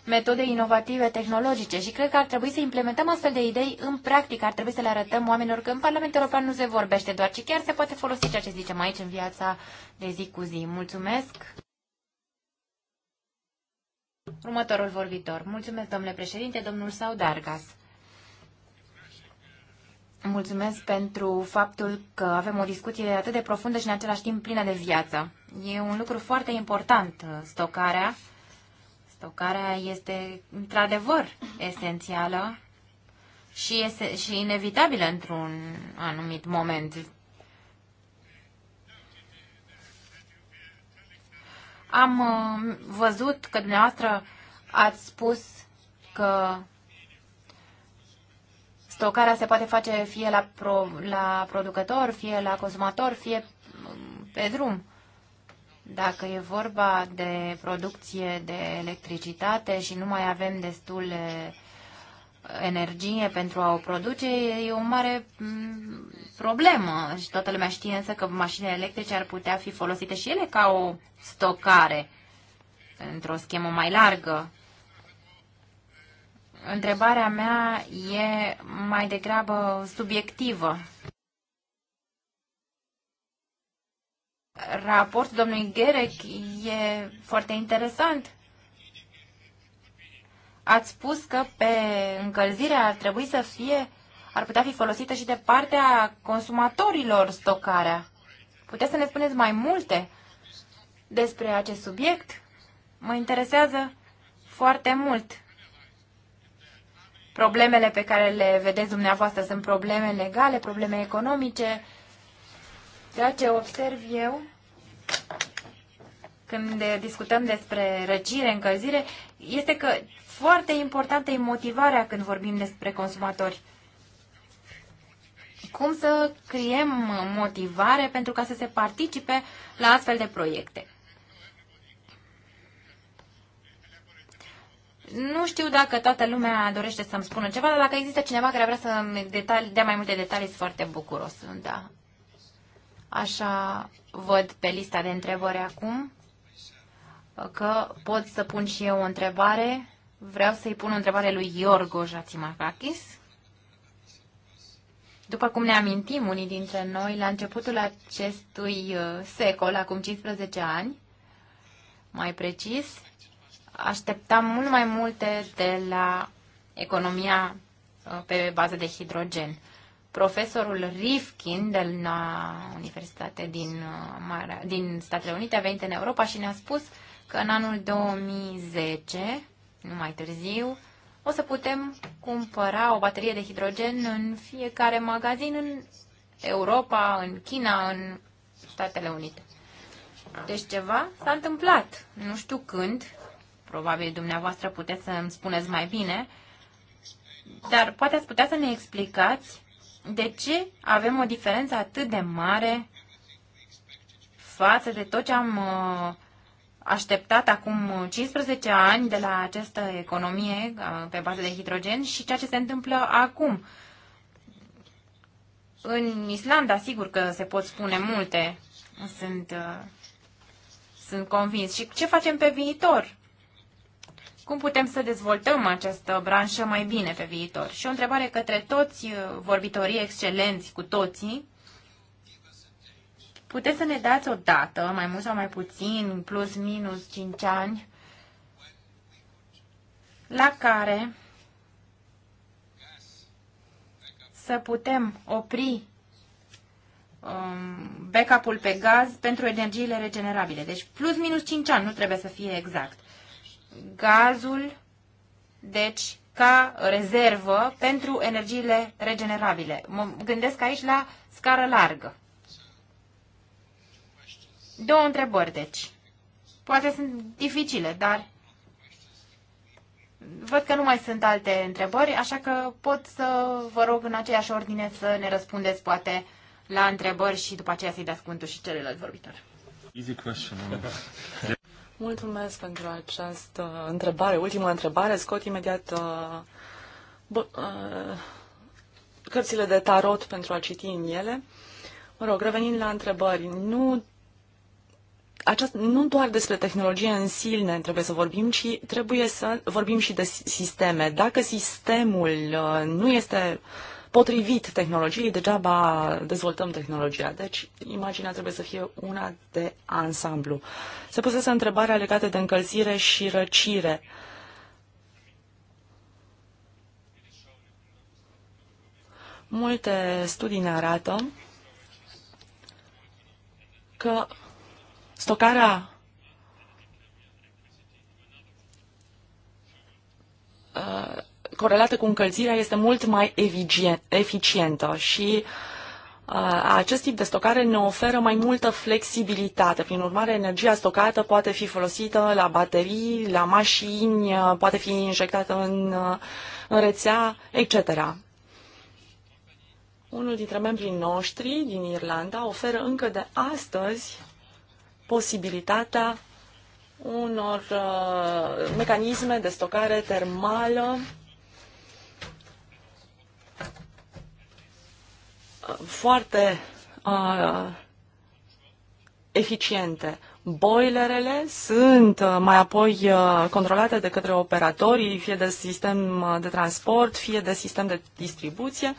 metode inovative tehnologice și cred că ar trebui să implementăm astfel de idei în practică. Ar trebui să le arătăm oamenilor că în Parlamentul European nu se vorbește doar, ci chiar se poate folosi ceea ce zicem aici în viața de zi cu zi. Mulțumesc! Următorul vorbitor. Mulțumesc, domnule președinte, domnul Saudargas mulțumesc pentru faptul că avem o discuție atât de profundă și în același timp plină de viață. E un lucru foarte important, uh, stocarea. Stocarea este într-adevăr esențială și, este, și inevitabilă într-un anumit moment. Am uh, văzut că dumneavoastră ați spus că Stocarea se poate face fie la, pro, la producător, fie la consumator, fie mm, pe drum. Dacă e vorba de producție de electricitate și nu mai avem destul uh, energie pentru a o produce, e o mare mm, problemă. Și toată lumea știe însă că mașinile electrice ar putea fi folosite și ele ca o stocare într-o schemă mai largă Întrebarea mea e mai degrabă subiectivă. Raportul domnului Gerec e foarte interesant. Ați spus că pe încălzire ar trebui să fie, ar putea fi folosită și de partea consumatorilor stocarea. Puteți să ne spuneți mai multe despre acest subiect? Mă interesează foarte mult Problemele pe care le vedeți dumneavoastră sunt probleme legale, probleme economice. Ceea ce observ eu când discutăm despre răcire, încălzire, este că foarte importantă e motivarea când vorbim despre consumatori. Cum să creăm motivare pentru ca să se participe la astfel de proiecte. Nu știu dacă toată lumea dorește să-mi spună ceva, dar dacă există cineva care vrea să-mi detali, dea mai multe detalii, sunt foarte bucuros. Da. Așa văd pe lista de întrebări acum că pot să pun și eu o întrebare. Vreau să-i pun o întrebare lui Iorgo Jatimakakis. După cum ne amintim unii dintre noi, la începutul acestui uh, secol, acum 15 ani, mai precis, așteptam mult mai multe de la economia uh, pe bază de hidrogen. Profesorul Rifkin de la Universitate din, uh, Marea, din Statele Unite a venit în Europa și ne-a spus că în anul 2010, nu mai târziu, o să putem cumpăra o baterie de hidrogen în fiecare magazin în Europa, în China, în Statele Unite. Deci ceva s-a întâmplat. Nu știu când, Probabil dumneavoastră puteți să îmi spuneți mai bine, dar poate ați putea să ne explicați de ce avem o diferență atât de mare față de tot ce am uh, așteptat acum 15 ani de la această economie uh, pe bază de hidrogen și ceea ce se întâmplă acum. În Islanda, sigur că se pot spune multe, sunt, uh, sunt convins. Și ce facem pe viitor? Cum putem să dezvoltăm această branșă mai bine pe viitor? Și o întrebare către toți uh, vorbitorii excelenți, cu toții. Puteți să ne dați o dată, mai mult sau mai puțin, plus minus 5 ani, la care să putem opri um, backup-ul pe gaz pentru energiile regenerabile. Deci plus minus 5 ani, nu trebuie să fie exact gazul, deci, ca rezervă pentru energiile regenerabile. Mă gândesc aici la scară largă. Două întrebări, deci. Poate sunt dificile, dar văd că nu mai sunt alte întrebări, așa că pot să vă rog în aceeași ordine să ne răspundeți, poate, la întrebări și după aceea să-i dați cuvântul și celălalt vorbitor.
Easy question. Mulțumesc pentru această întrebare. Ultima întrebare. Scot imediat uh, bă, uh, cărțile de tarot pentru a citi în ele. Mă rog, revenind la întrebări, nu, aceast, nu doar despre tehnologie în sine trebuie să vorbim, ci trebuie să vorbim și de sisteme. Dacă sistemul uh, nu este uh, potrivit tehnologiei, degeaba dezvoltăm tehnologia. Deci, imaginea trebuie să fie una de ansamblu. Se pusese întrebarea legată de încălzire și răcire. Multe studii ne arată că stocarea corelată cu încălzirea este mult mai eficientă și uh, acest tip de stocare ne oferă mai multă flexibilitate. Prin urmare, energia stocată poate fi folosită la baterii, la mașini, uh, poate fi injectată în, uh, în rețea, etc. Unul dintre membrii noștri din Irlanda oferă încă de astăzi posibilitatea unor uh, mecanisme de stocare termală foarte uh, eficiente. Boilerele sunt mai apoi controlate de către operatorii, fie de sistem de transport, fie de sistem de distribuție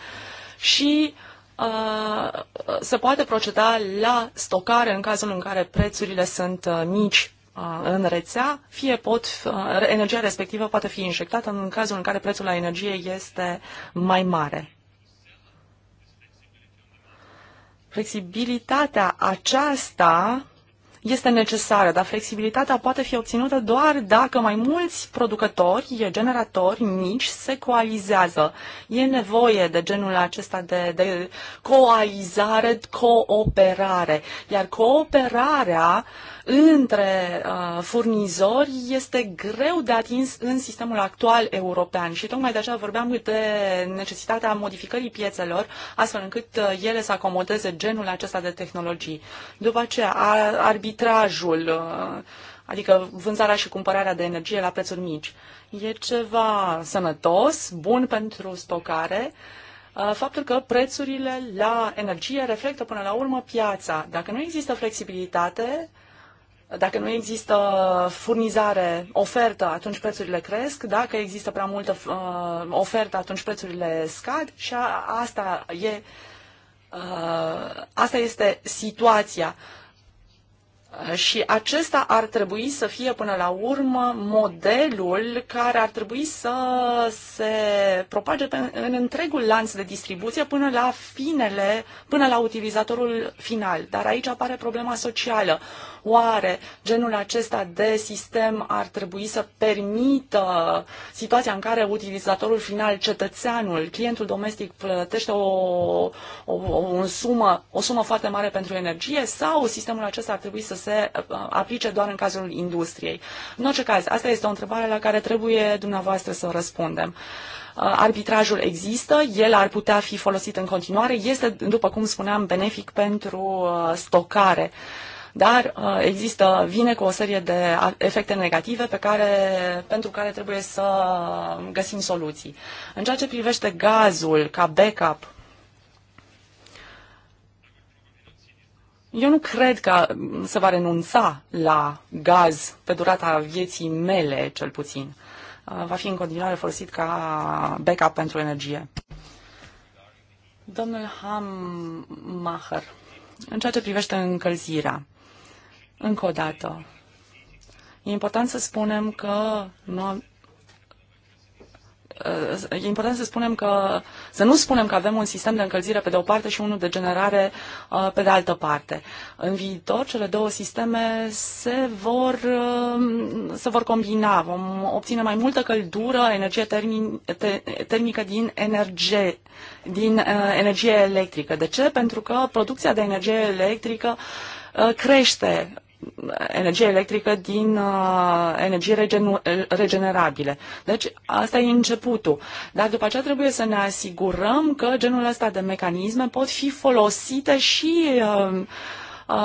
și uh, se poate proceda la stocare în cazul în care prețurile sunt mici în rețea, fie pot, energia respectivă poate fi injectată în cazul în care prețul la energie este mai mare. Flexibilitatea aceasta este necesară, dar flexibilitatea poate fi obținută doar dacă mai mulți producători, generatori mici, se coalizează. E nevoie de genul acesta de, de coalizare, cooperare. Iar cooperarea uh, între uh, furnizori este greu de atins în sistemul actual european și tocmai de aceea vorbeam de necesitatea modificării piețelor astfel încât uh, ele să acomodeze genul acesta de tehnologii. După aceea, arbitrajul, uh, adică vânzarea și cumpărarea de energie la prețuri mici, e ceva sănătos, bun pentru stocare, faptul că prețurile la energie reflectă până la urmă piața. Dacă nu există flexibilitate, dacă nu există furnizare, ofertă, atunci prețurile cresc. Dacă există prea multă uh, ofertă, atunci prețurile scad și a, asta, e, uh, asta este situația. Și acesta ar trebui să fie până la urmă modelul care ar trebui să se propage în întregul lanț de distribuție până la finele, până la utilizatorul final. Dar aici apare problema socială. Oare genul acesta de sistem ar trebui să permită situația în care utilizatorul final, cetățeanul, clientul domestic plătește o, o, o, sumă, o sumă foarte mare pentru energie sau sistemul acesta ar trebui să se uh, aplice doar în cazul industriei? În orice caz, asta este o întrebare la care trebuie dumneavoastră să răspundem uh, arbitrajul există, el ar putea fi folosit în continuare, este, după cum spuneam, benefic pentru uh, stocare dar uh, există, vine cu o serie de efecte negative pe care, pentru care trebuie să găsim soluții. În ceea ce privește gazul ca backup, eu nu cred că se va renunța la gaz pe durata vieții mele, cel puțin. Uh, va fi în continuare folosit ca backup pentru energie. Domnul Hammacher, în ceea ce privește încălzirea, încă o dată, e important să spunem că nu am, e important să spunem că, să nu spunem că avem un sistem de încălzire pe de o parte și unul de generare uh, pe de altă parte. În viitor, cele două sisteme se vor, um, se vor combina. Vom obține mai multă căldură, energie termi, te, termică din energie, din uh, energie electrică. De ce? Pentru că producția de energie electrică uh, crește energie electrică din uh, energie regenerabile. Deci asta e începutul. Dar după aceea trebuie să ne asigurăm că genul ăsta de mecanisme pot fi folosite și uh, uh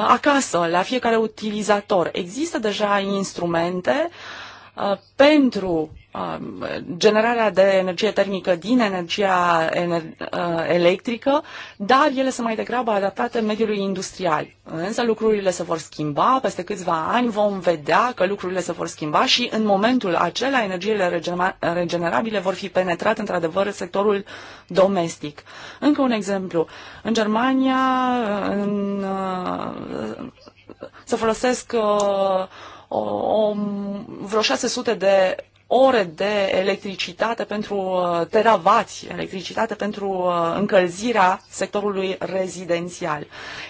acasă, la fiecare utilizator. Există deja instrumente uh, Uh, pentru uh, generarea de energie termică din energia uh, electrică, dar ele sunt mai degrabă adaptate mediului industrial. Însă lucrurile se vor schimba, peste câțiva ani vom vedea că lucrurile se vor schimba și în momentul acela energiile regenerabile vor fi penetrate într-adevăr în sectorul domestic. Încă un exemplu. În Germania în, se folosesc uh, o, o, vreo 600 de ore de electricitate pentru uh, teravați, electricitate pentru uh, încălzirea sectorului rezidențial.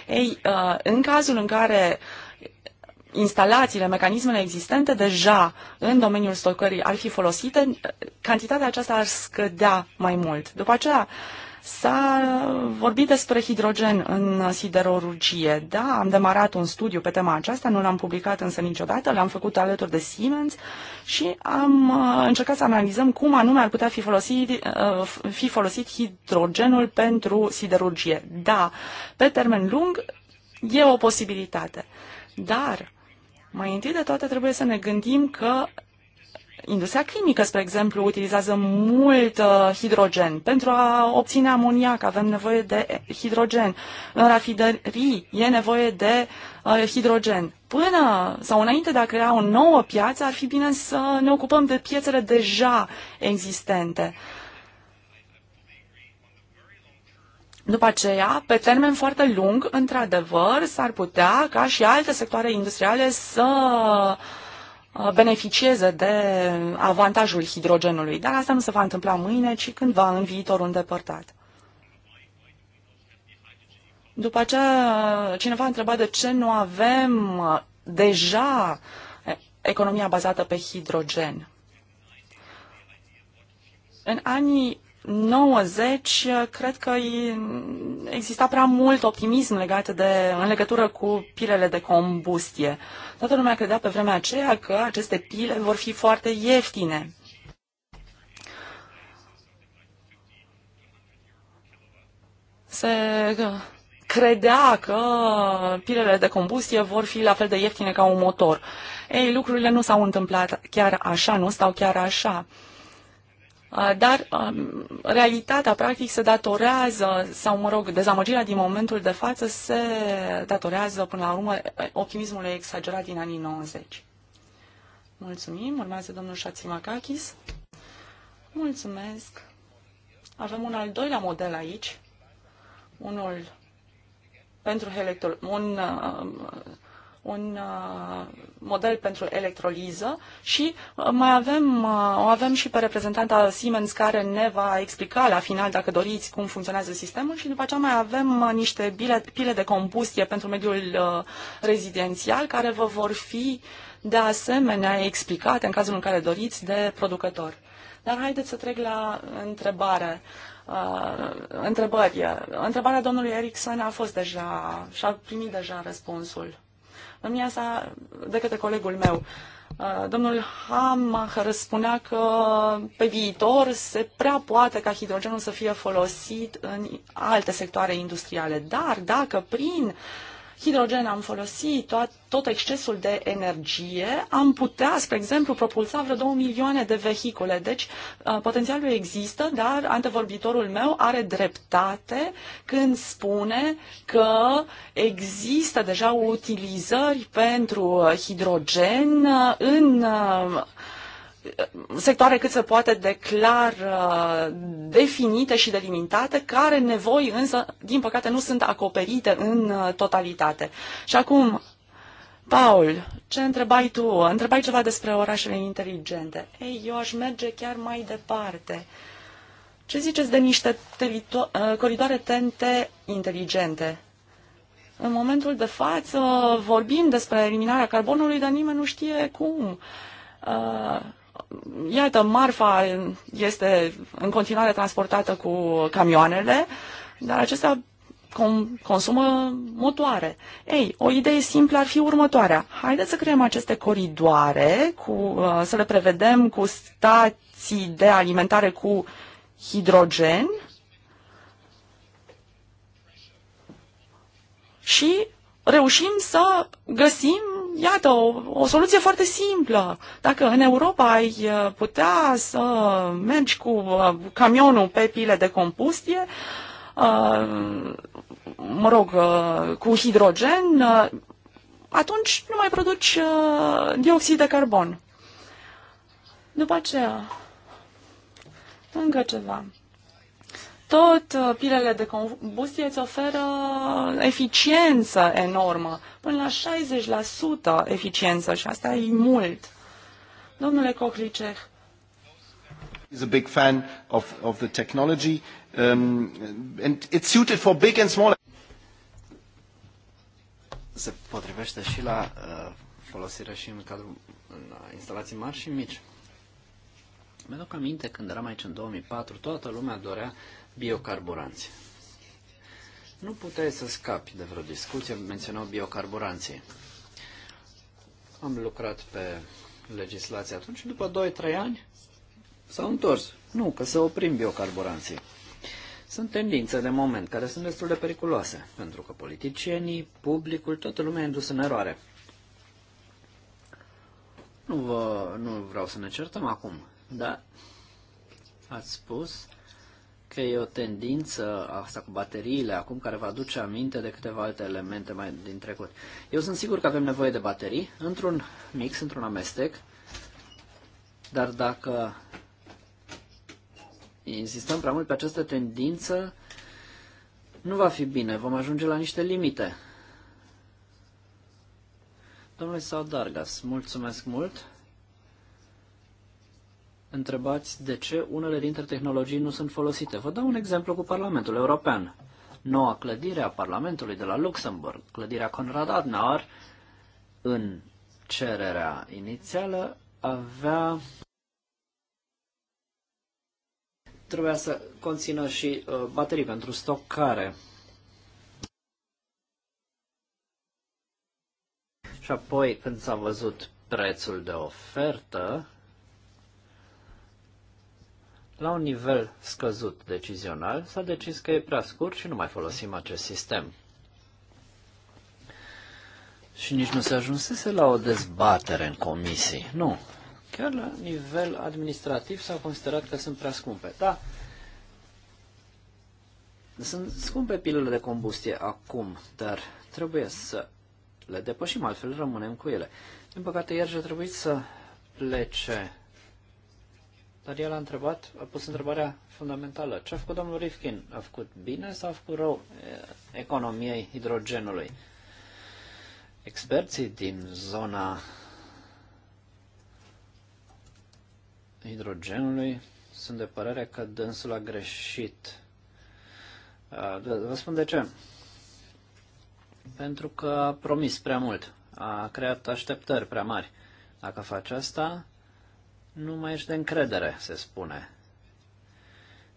Ei, uh, în cazul în care instalațiile, mecanismele existente deja în domeniul stocării ar fi folosite, cantitatea aceasta ar scădea mai mult. După aceea, S-a vorbit despre hidrogen în siderurgie. Da, am demarat un studiu pe tema aceasta, nu l-am publicat însă niciodată, l-am făcut alături de Siemens și am uh, încercat să analizăm cum anume ar putea fi folosit, uh, fi folosit hidrogenul pentru siderurgie. Da, pe termen lung e o posibilitate. Dar mai întâi de toate trebuie să ne gândim că Industria chimică, spre exemplu, utilizează mult uh, hidrogen. Pentru a obține amoniac avem nevoie de hidrogen. În rafinerii e nevoie de uh, hidrogen. Până sau înainte de a crea o nouă piață, ar fi bine să ne ocupăm de piețele deja existente. După aceea, pe termen foarte lung, într-adevăr, s-ar putea ca și alte sectoare industriale să uh, Uh, beneficieze de avantajul hidrogenului. Dar asta nu se va întâmpla mâine, ci cândva în viitorul îndepărtat. După aceea, uh, cineva a întrebat de ce nu avem uh, deja economia bazată pe hidrogen. În anii 90, cred că exista prea mult optimism legat de, în legătură cu pilele de combustie. Toată lumea credea pe vremea aceea că aceste pile vor fi foarte ieftine. Se credea că pilele de combustie vor fi la fel de ieftine ca un motor. Ei, lucrurile nu s-au întâmplat chiar așa, nu stau chiar așa dar realitatea, practic, se datorează, sau, mă rog, dezamăgirea din momentul de față se datorează, până la urmă, optimismului exagerat din anii 90. Mulțumim. Urmează domnul Șațimacachis. Mulțumesc. Avem un al doilea model aici, unul pentru electorul. un uh, un uh, model pentru electroliză și uh, mai avem, uh, o avem și pe reprezentanta Siemens care ne va explica la final, dacă doriți, cum funcționează sistemul și după aceea mai avem niște bile, pile de combustie pentru mediul rezidențial care vă vor fi de asemenea explicate în cazul în care doriți de producător. Dar haideți să trec la întrebare. Uh, întrebări. Întrebarea domnului Erickson a fost deja și a primit deja răspunsul domnia sa, de către colegul meu. Uh, domnul Hammacher spunea că pe viitor se prea poate ca hidrogenul să fie folosit în alte sectoare industriale, dar dacă prin uh, hidrogen am folosi tot, tot excesul de energie, am putea, spre exemplu, propulsa vreo 2 milioane de vehicule. Deci, uh, potențialul există, dar antevorbitorul meu are dreptate când spune că există deja utilizări pentru hidrogen în uh, sectoare cât se poate de clar uh, definite și delimitate, care nevoi însă, din păcate, nu sunt acoperite în uh, totalitate. Și acum, Paul, ce întrebai tu? Întrebai ceva despre orașele inteligente. Ei, eu aș merge chiar mai departe. Ce ziceți de niște uh, coridoare tente inteligente? În momentul de față vorbim despre eliminarea carbonului, dar nimeni nu știe cum. Uh, Iată, marfa este în continuare transportată cu camioanele, dar acestea consumă motoare. Ei, o idee simplă ar fi următoarea. Haideți să creăm aceste coridoare, cu, uh, să le prevedem cu stații de alimentare cu hidrogen și reușim să găsim Iată, o, o soluție foarte simplă. Dacă în Europa ai uh, putea să mergi cu uh, camionul pe pile de combustie, uh, mă rog, cu hidrogen, atunci nu mai produci dioxid de carbon. După aceea, încă ceva tot uh, pilele de combustie îți oferă eficiență enormă, până la 60% eficiență și asta e mult. Domnule Cochlicech.
He's a big fan of, of the technology um, and it's suited for big and small. Se potrivește și la uh, folosirea și în cadrul în uh, instalații mari și mici. Mi-aduc aminte când eram aici în 2004, toată lumea dorea biocarburanți. Nu puteai să scapi de vreo discuție, menționau biocarburanții. Am lucrat pe legislație atunci și după 2-3 ani s-au întors. Nu, că să oprim biocarburanții. Sunt tendințe de moment care sunt destul de periculoase, pentru că politicienii, publicul, toată lumea e dus în eroare. Nu, vă, nu vreau să ne certăm acum, dar ați spus că e o tendință asta cu bateriile acum care va aduce aminte de câteva alte elemente mai din trecut. Eu sunt sigur că avem nevoie de baterii într-un mix, într-un amestec, dar dacă insistăm prea mult pe această tendință, nu va fi bine, vom ajunge la niște limite. Domnule Saudargas, mulțumesc mult! întrebați de ce unele dintre tehnologii nu sunt folosite. Vă dau un exemplu cu Parlamentul European. Noua clădire a Parlamentului de la Luxemburg, clădirea Conrad Adenauer, în cererea inițială avea trebuia să conțină și uh, baterii pentru stocare. Și apoi când s-a văzut prețul de ofertă, la un nivel scăzut decizional, s-a decis că e prea scurt și nu mai folosim acest sistem. Și nici nu se ajunsese la o dezbatere în comisii. Nu. Chiar la nivel administrativ s au considerat că sunt prea scumpe. Da, sunt scumpe pilele de combustie acum, dar trebuie să le depășim, altfel rămânem cu ele. Din păcate, ieri a trebuit să plece dar el a întrebat, a pus întrebarea fundamentală. Ce a făcut domnul Rifkin? A făcut bine sau a făcut rău eh, economiei hidrogenului? Experții din zona hidrogenului sunt de părere că dânsul a greșit. Vă spun de ce. Pentru că a promis prea mult, a creat așteptări prea mari. Dacă face asta, nu mai ești de încredere, se spune.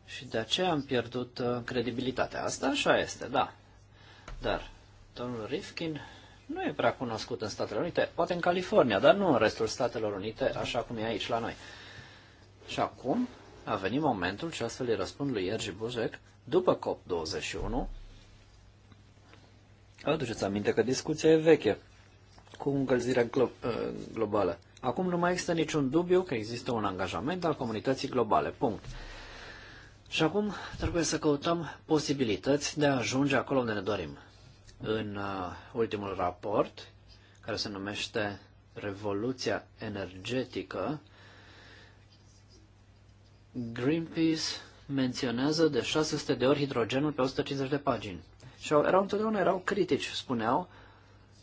Și de aceea am pierdut uh, credibilitatea. Asta așa este, da. Dar domnul Rifkin nu e prea cunoscut în Statele Unite, poate în California, dar nu în restul Statelor Unite, așa cum e aici la noi. Și acum a venit momentul și astfel îi răspund lui Iergi Buzek, după COP21, aduceți aminte că discuția e veche, cu încălzirea glo- uh, globală. Acum nu mai există niciun dubiu că există un angajament al comunității globale. Punct. Și acum trebuie să căutăm posibilități de a ajunge acolo unde ne dorim. În uh, ultimul raport, care se numește Revoluția Energetică, Greenpeace menționează de 600 de ori hidrogenul pe 150 de pagini. Și erau, întotdeauna erau critici, spuneau,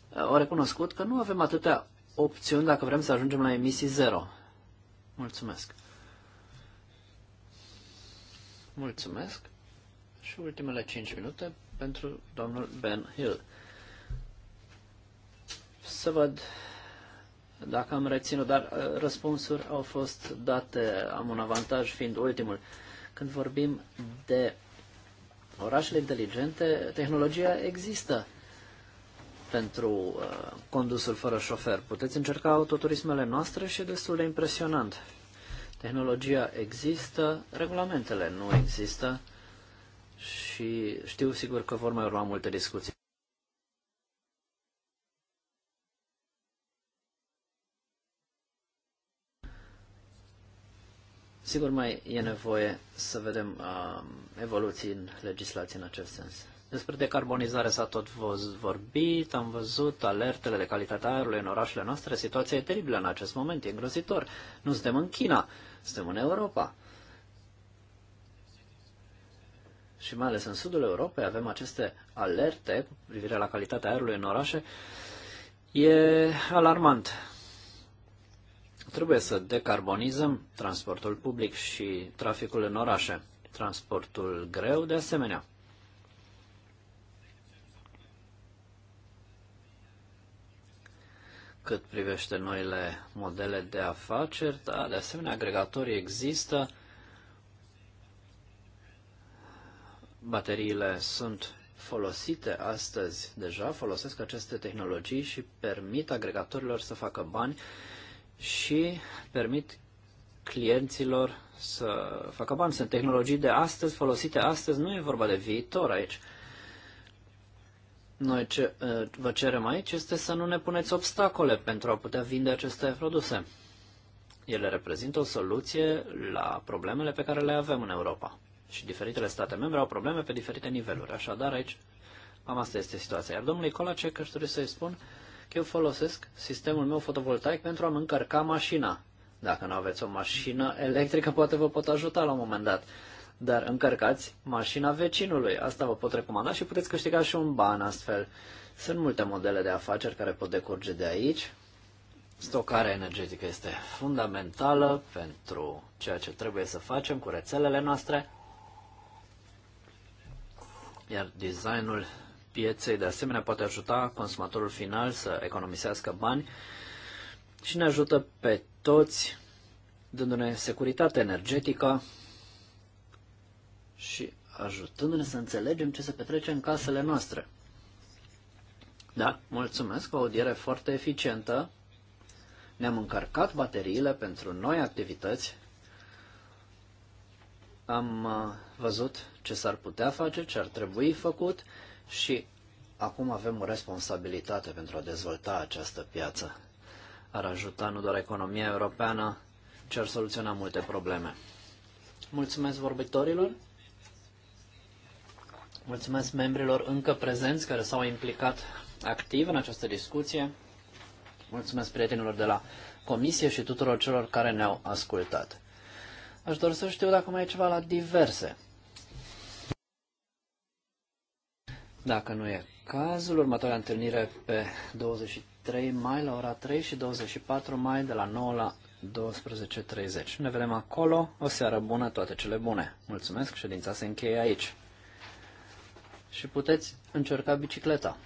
uh, au recunoscut că nu avem atâtea opțiuni dacă vrem să ajungem la emisii zero. Mulțumesc. Mulțumesc. Și ultimele 5 minute pentru domnul Ben Hill. Să văd dacă am reținut, dar uh, răspunsuri au fost date, am un avantaj fiind ultimul. Când vorbim de orașele inteligente, tehnologia există pentru uh, condusul fără șofer. Puteți încerca autoturismele noastre și e destul de impresionant. Tehnologia există, regulamentele nu există și știu sigur că vor mai urma multe discuții. Sigur, mai e nevoie să vedem uh, evoluții în legislație în acest sens. Despre decarbonizare s-a tot vorbit, am văzut alertele de calitate aerului în orașele noastre, situația e teribilă în acest moment, e îngrozitor. Nu suntem în China, suntem în Europa. Și mai ales în sudul Europei avem aceste alerte cu privire la calitatea aerului în orașe, e alarmant. Trebuie să decarbonizăm transportul public și traficul în orașe, transportul greu de asemenea. cât privește noile modele de afaceri, dar de asemenea agregatorii există, bateriile sunt folosite astăzi deja, folosesc aceste tehnologii și permit agregatorilor să facă bani și permit clienților să facă bani. Sunt tehnologii de astăzi, folosite astăzi, nu e vorba de viitor aici. Noi ce uh, vă cerem aici este să nu ne puneți obstacole pentru a putea vinde aceste produse. Ele reprezintă o soluție la problemele pe care le avem în Europa. Și diferitele state membre au probleme pe diferite niveluri. Așadar, aici, am asta este situația. Iar domnului ce aș dori să-i spun că eu folosesc sistemul meu fotovoltaic pentru a-mi încărca mașina. Dacă nu aveți o mașină electrică, poate vă pot ajuta la un moment dat dar încărcați mașina vecinului. Asta vă pot recomanda și puteți câștiga și un ban astfel. Sunt multe modele de afaceri care pot decurge de aici. Stocarea energetică este fundamentală pentru ceea ce trebuie să facem cu rețelele noastre, iar designul pieței de asemenea poate ajuta consumatorul final să economisească bani și ne ajută pe toți dându-ne securitate energetică și ajutându-ne să înțelegem ce se petrece în casele noastre. Da, mulțumesc, o audiere foarte eficientă. Ne-am încărcat bateriile pentru noi activități. Am uh, văzut ce s-ar putea face, ce ar trebui făcut și acum avem o responsabilitate pentru a dezvolta această piață. Ar ajuta nu doar economia europeană, ci ar soluționa multe probleme. Mulțumesc vorbitorilor. Mulțumesc membrilor încă prezenți care s-au implicat activ în această discuție. Mulțumesc prietenilor de la comisie și tuturor celor care ne-au ascultat. Aș dori să știu dacă mai e ceva la diverse. Dacă nu e cazul, următoarea întâlnire pe 23 mai la ora 3 și 24 mai de la 9 la 12.30. Ne vedem acolo. O seară bună, toate cele bune. Mulțumesc, ședința se încheie aici și puteți încerca bicicleta.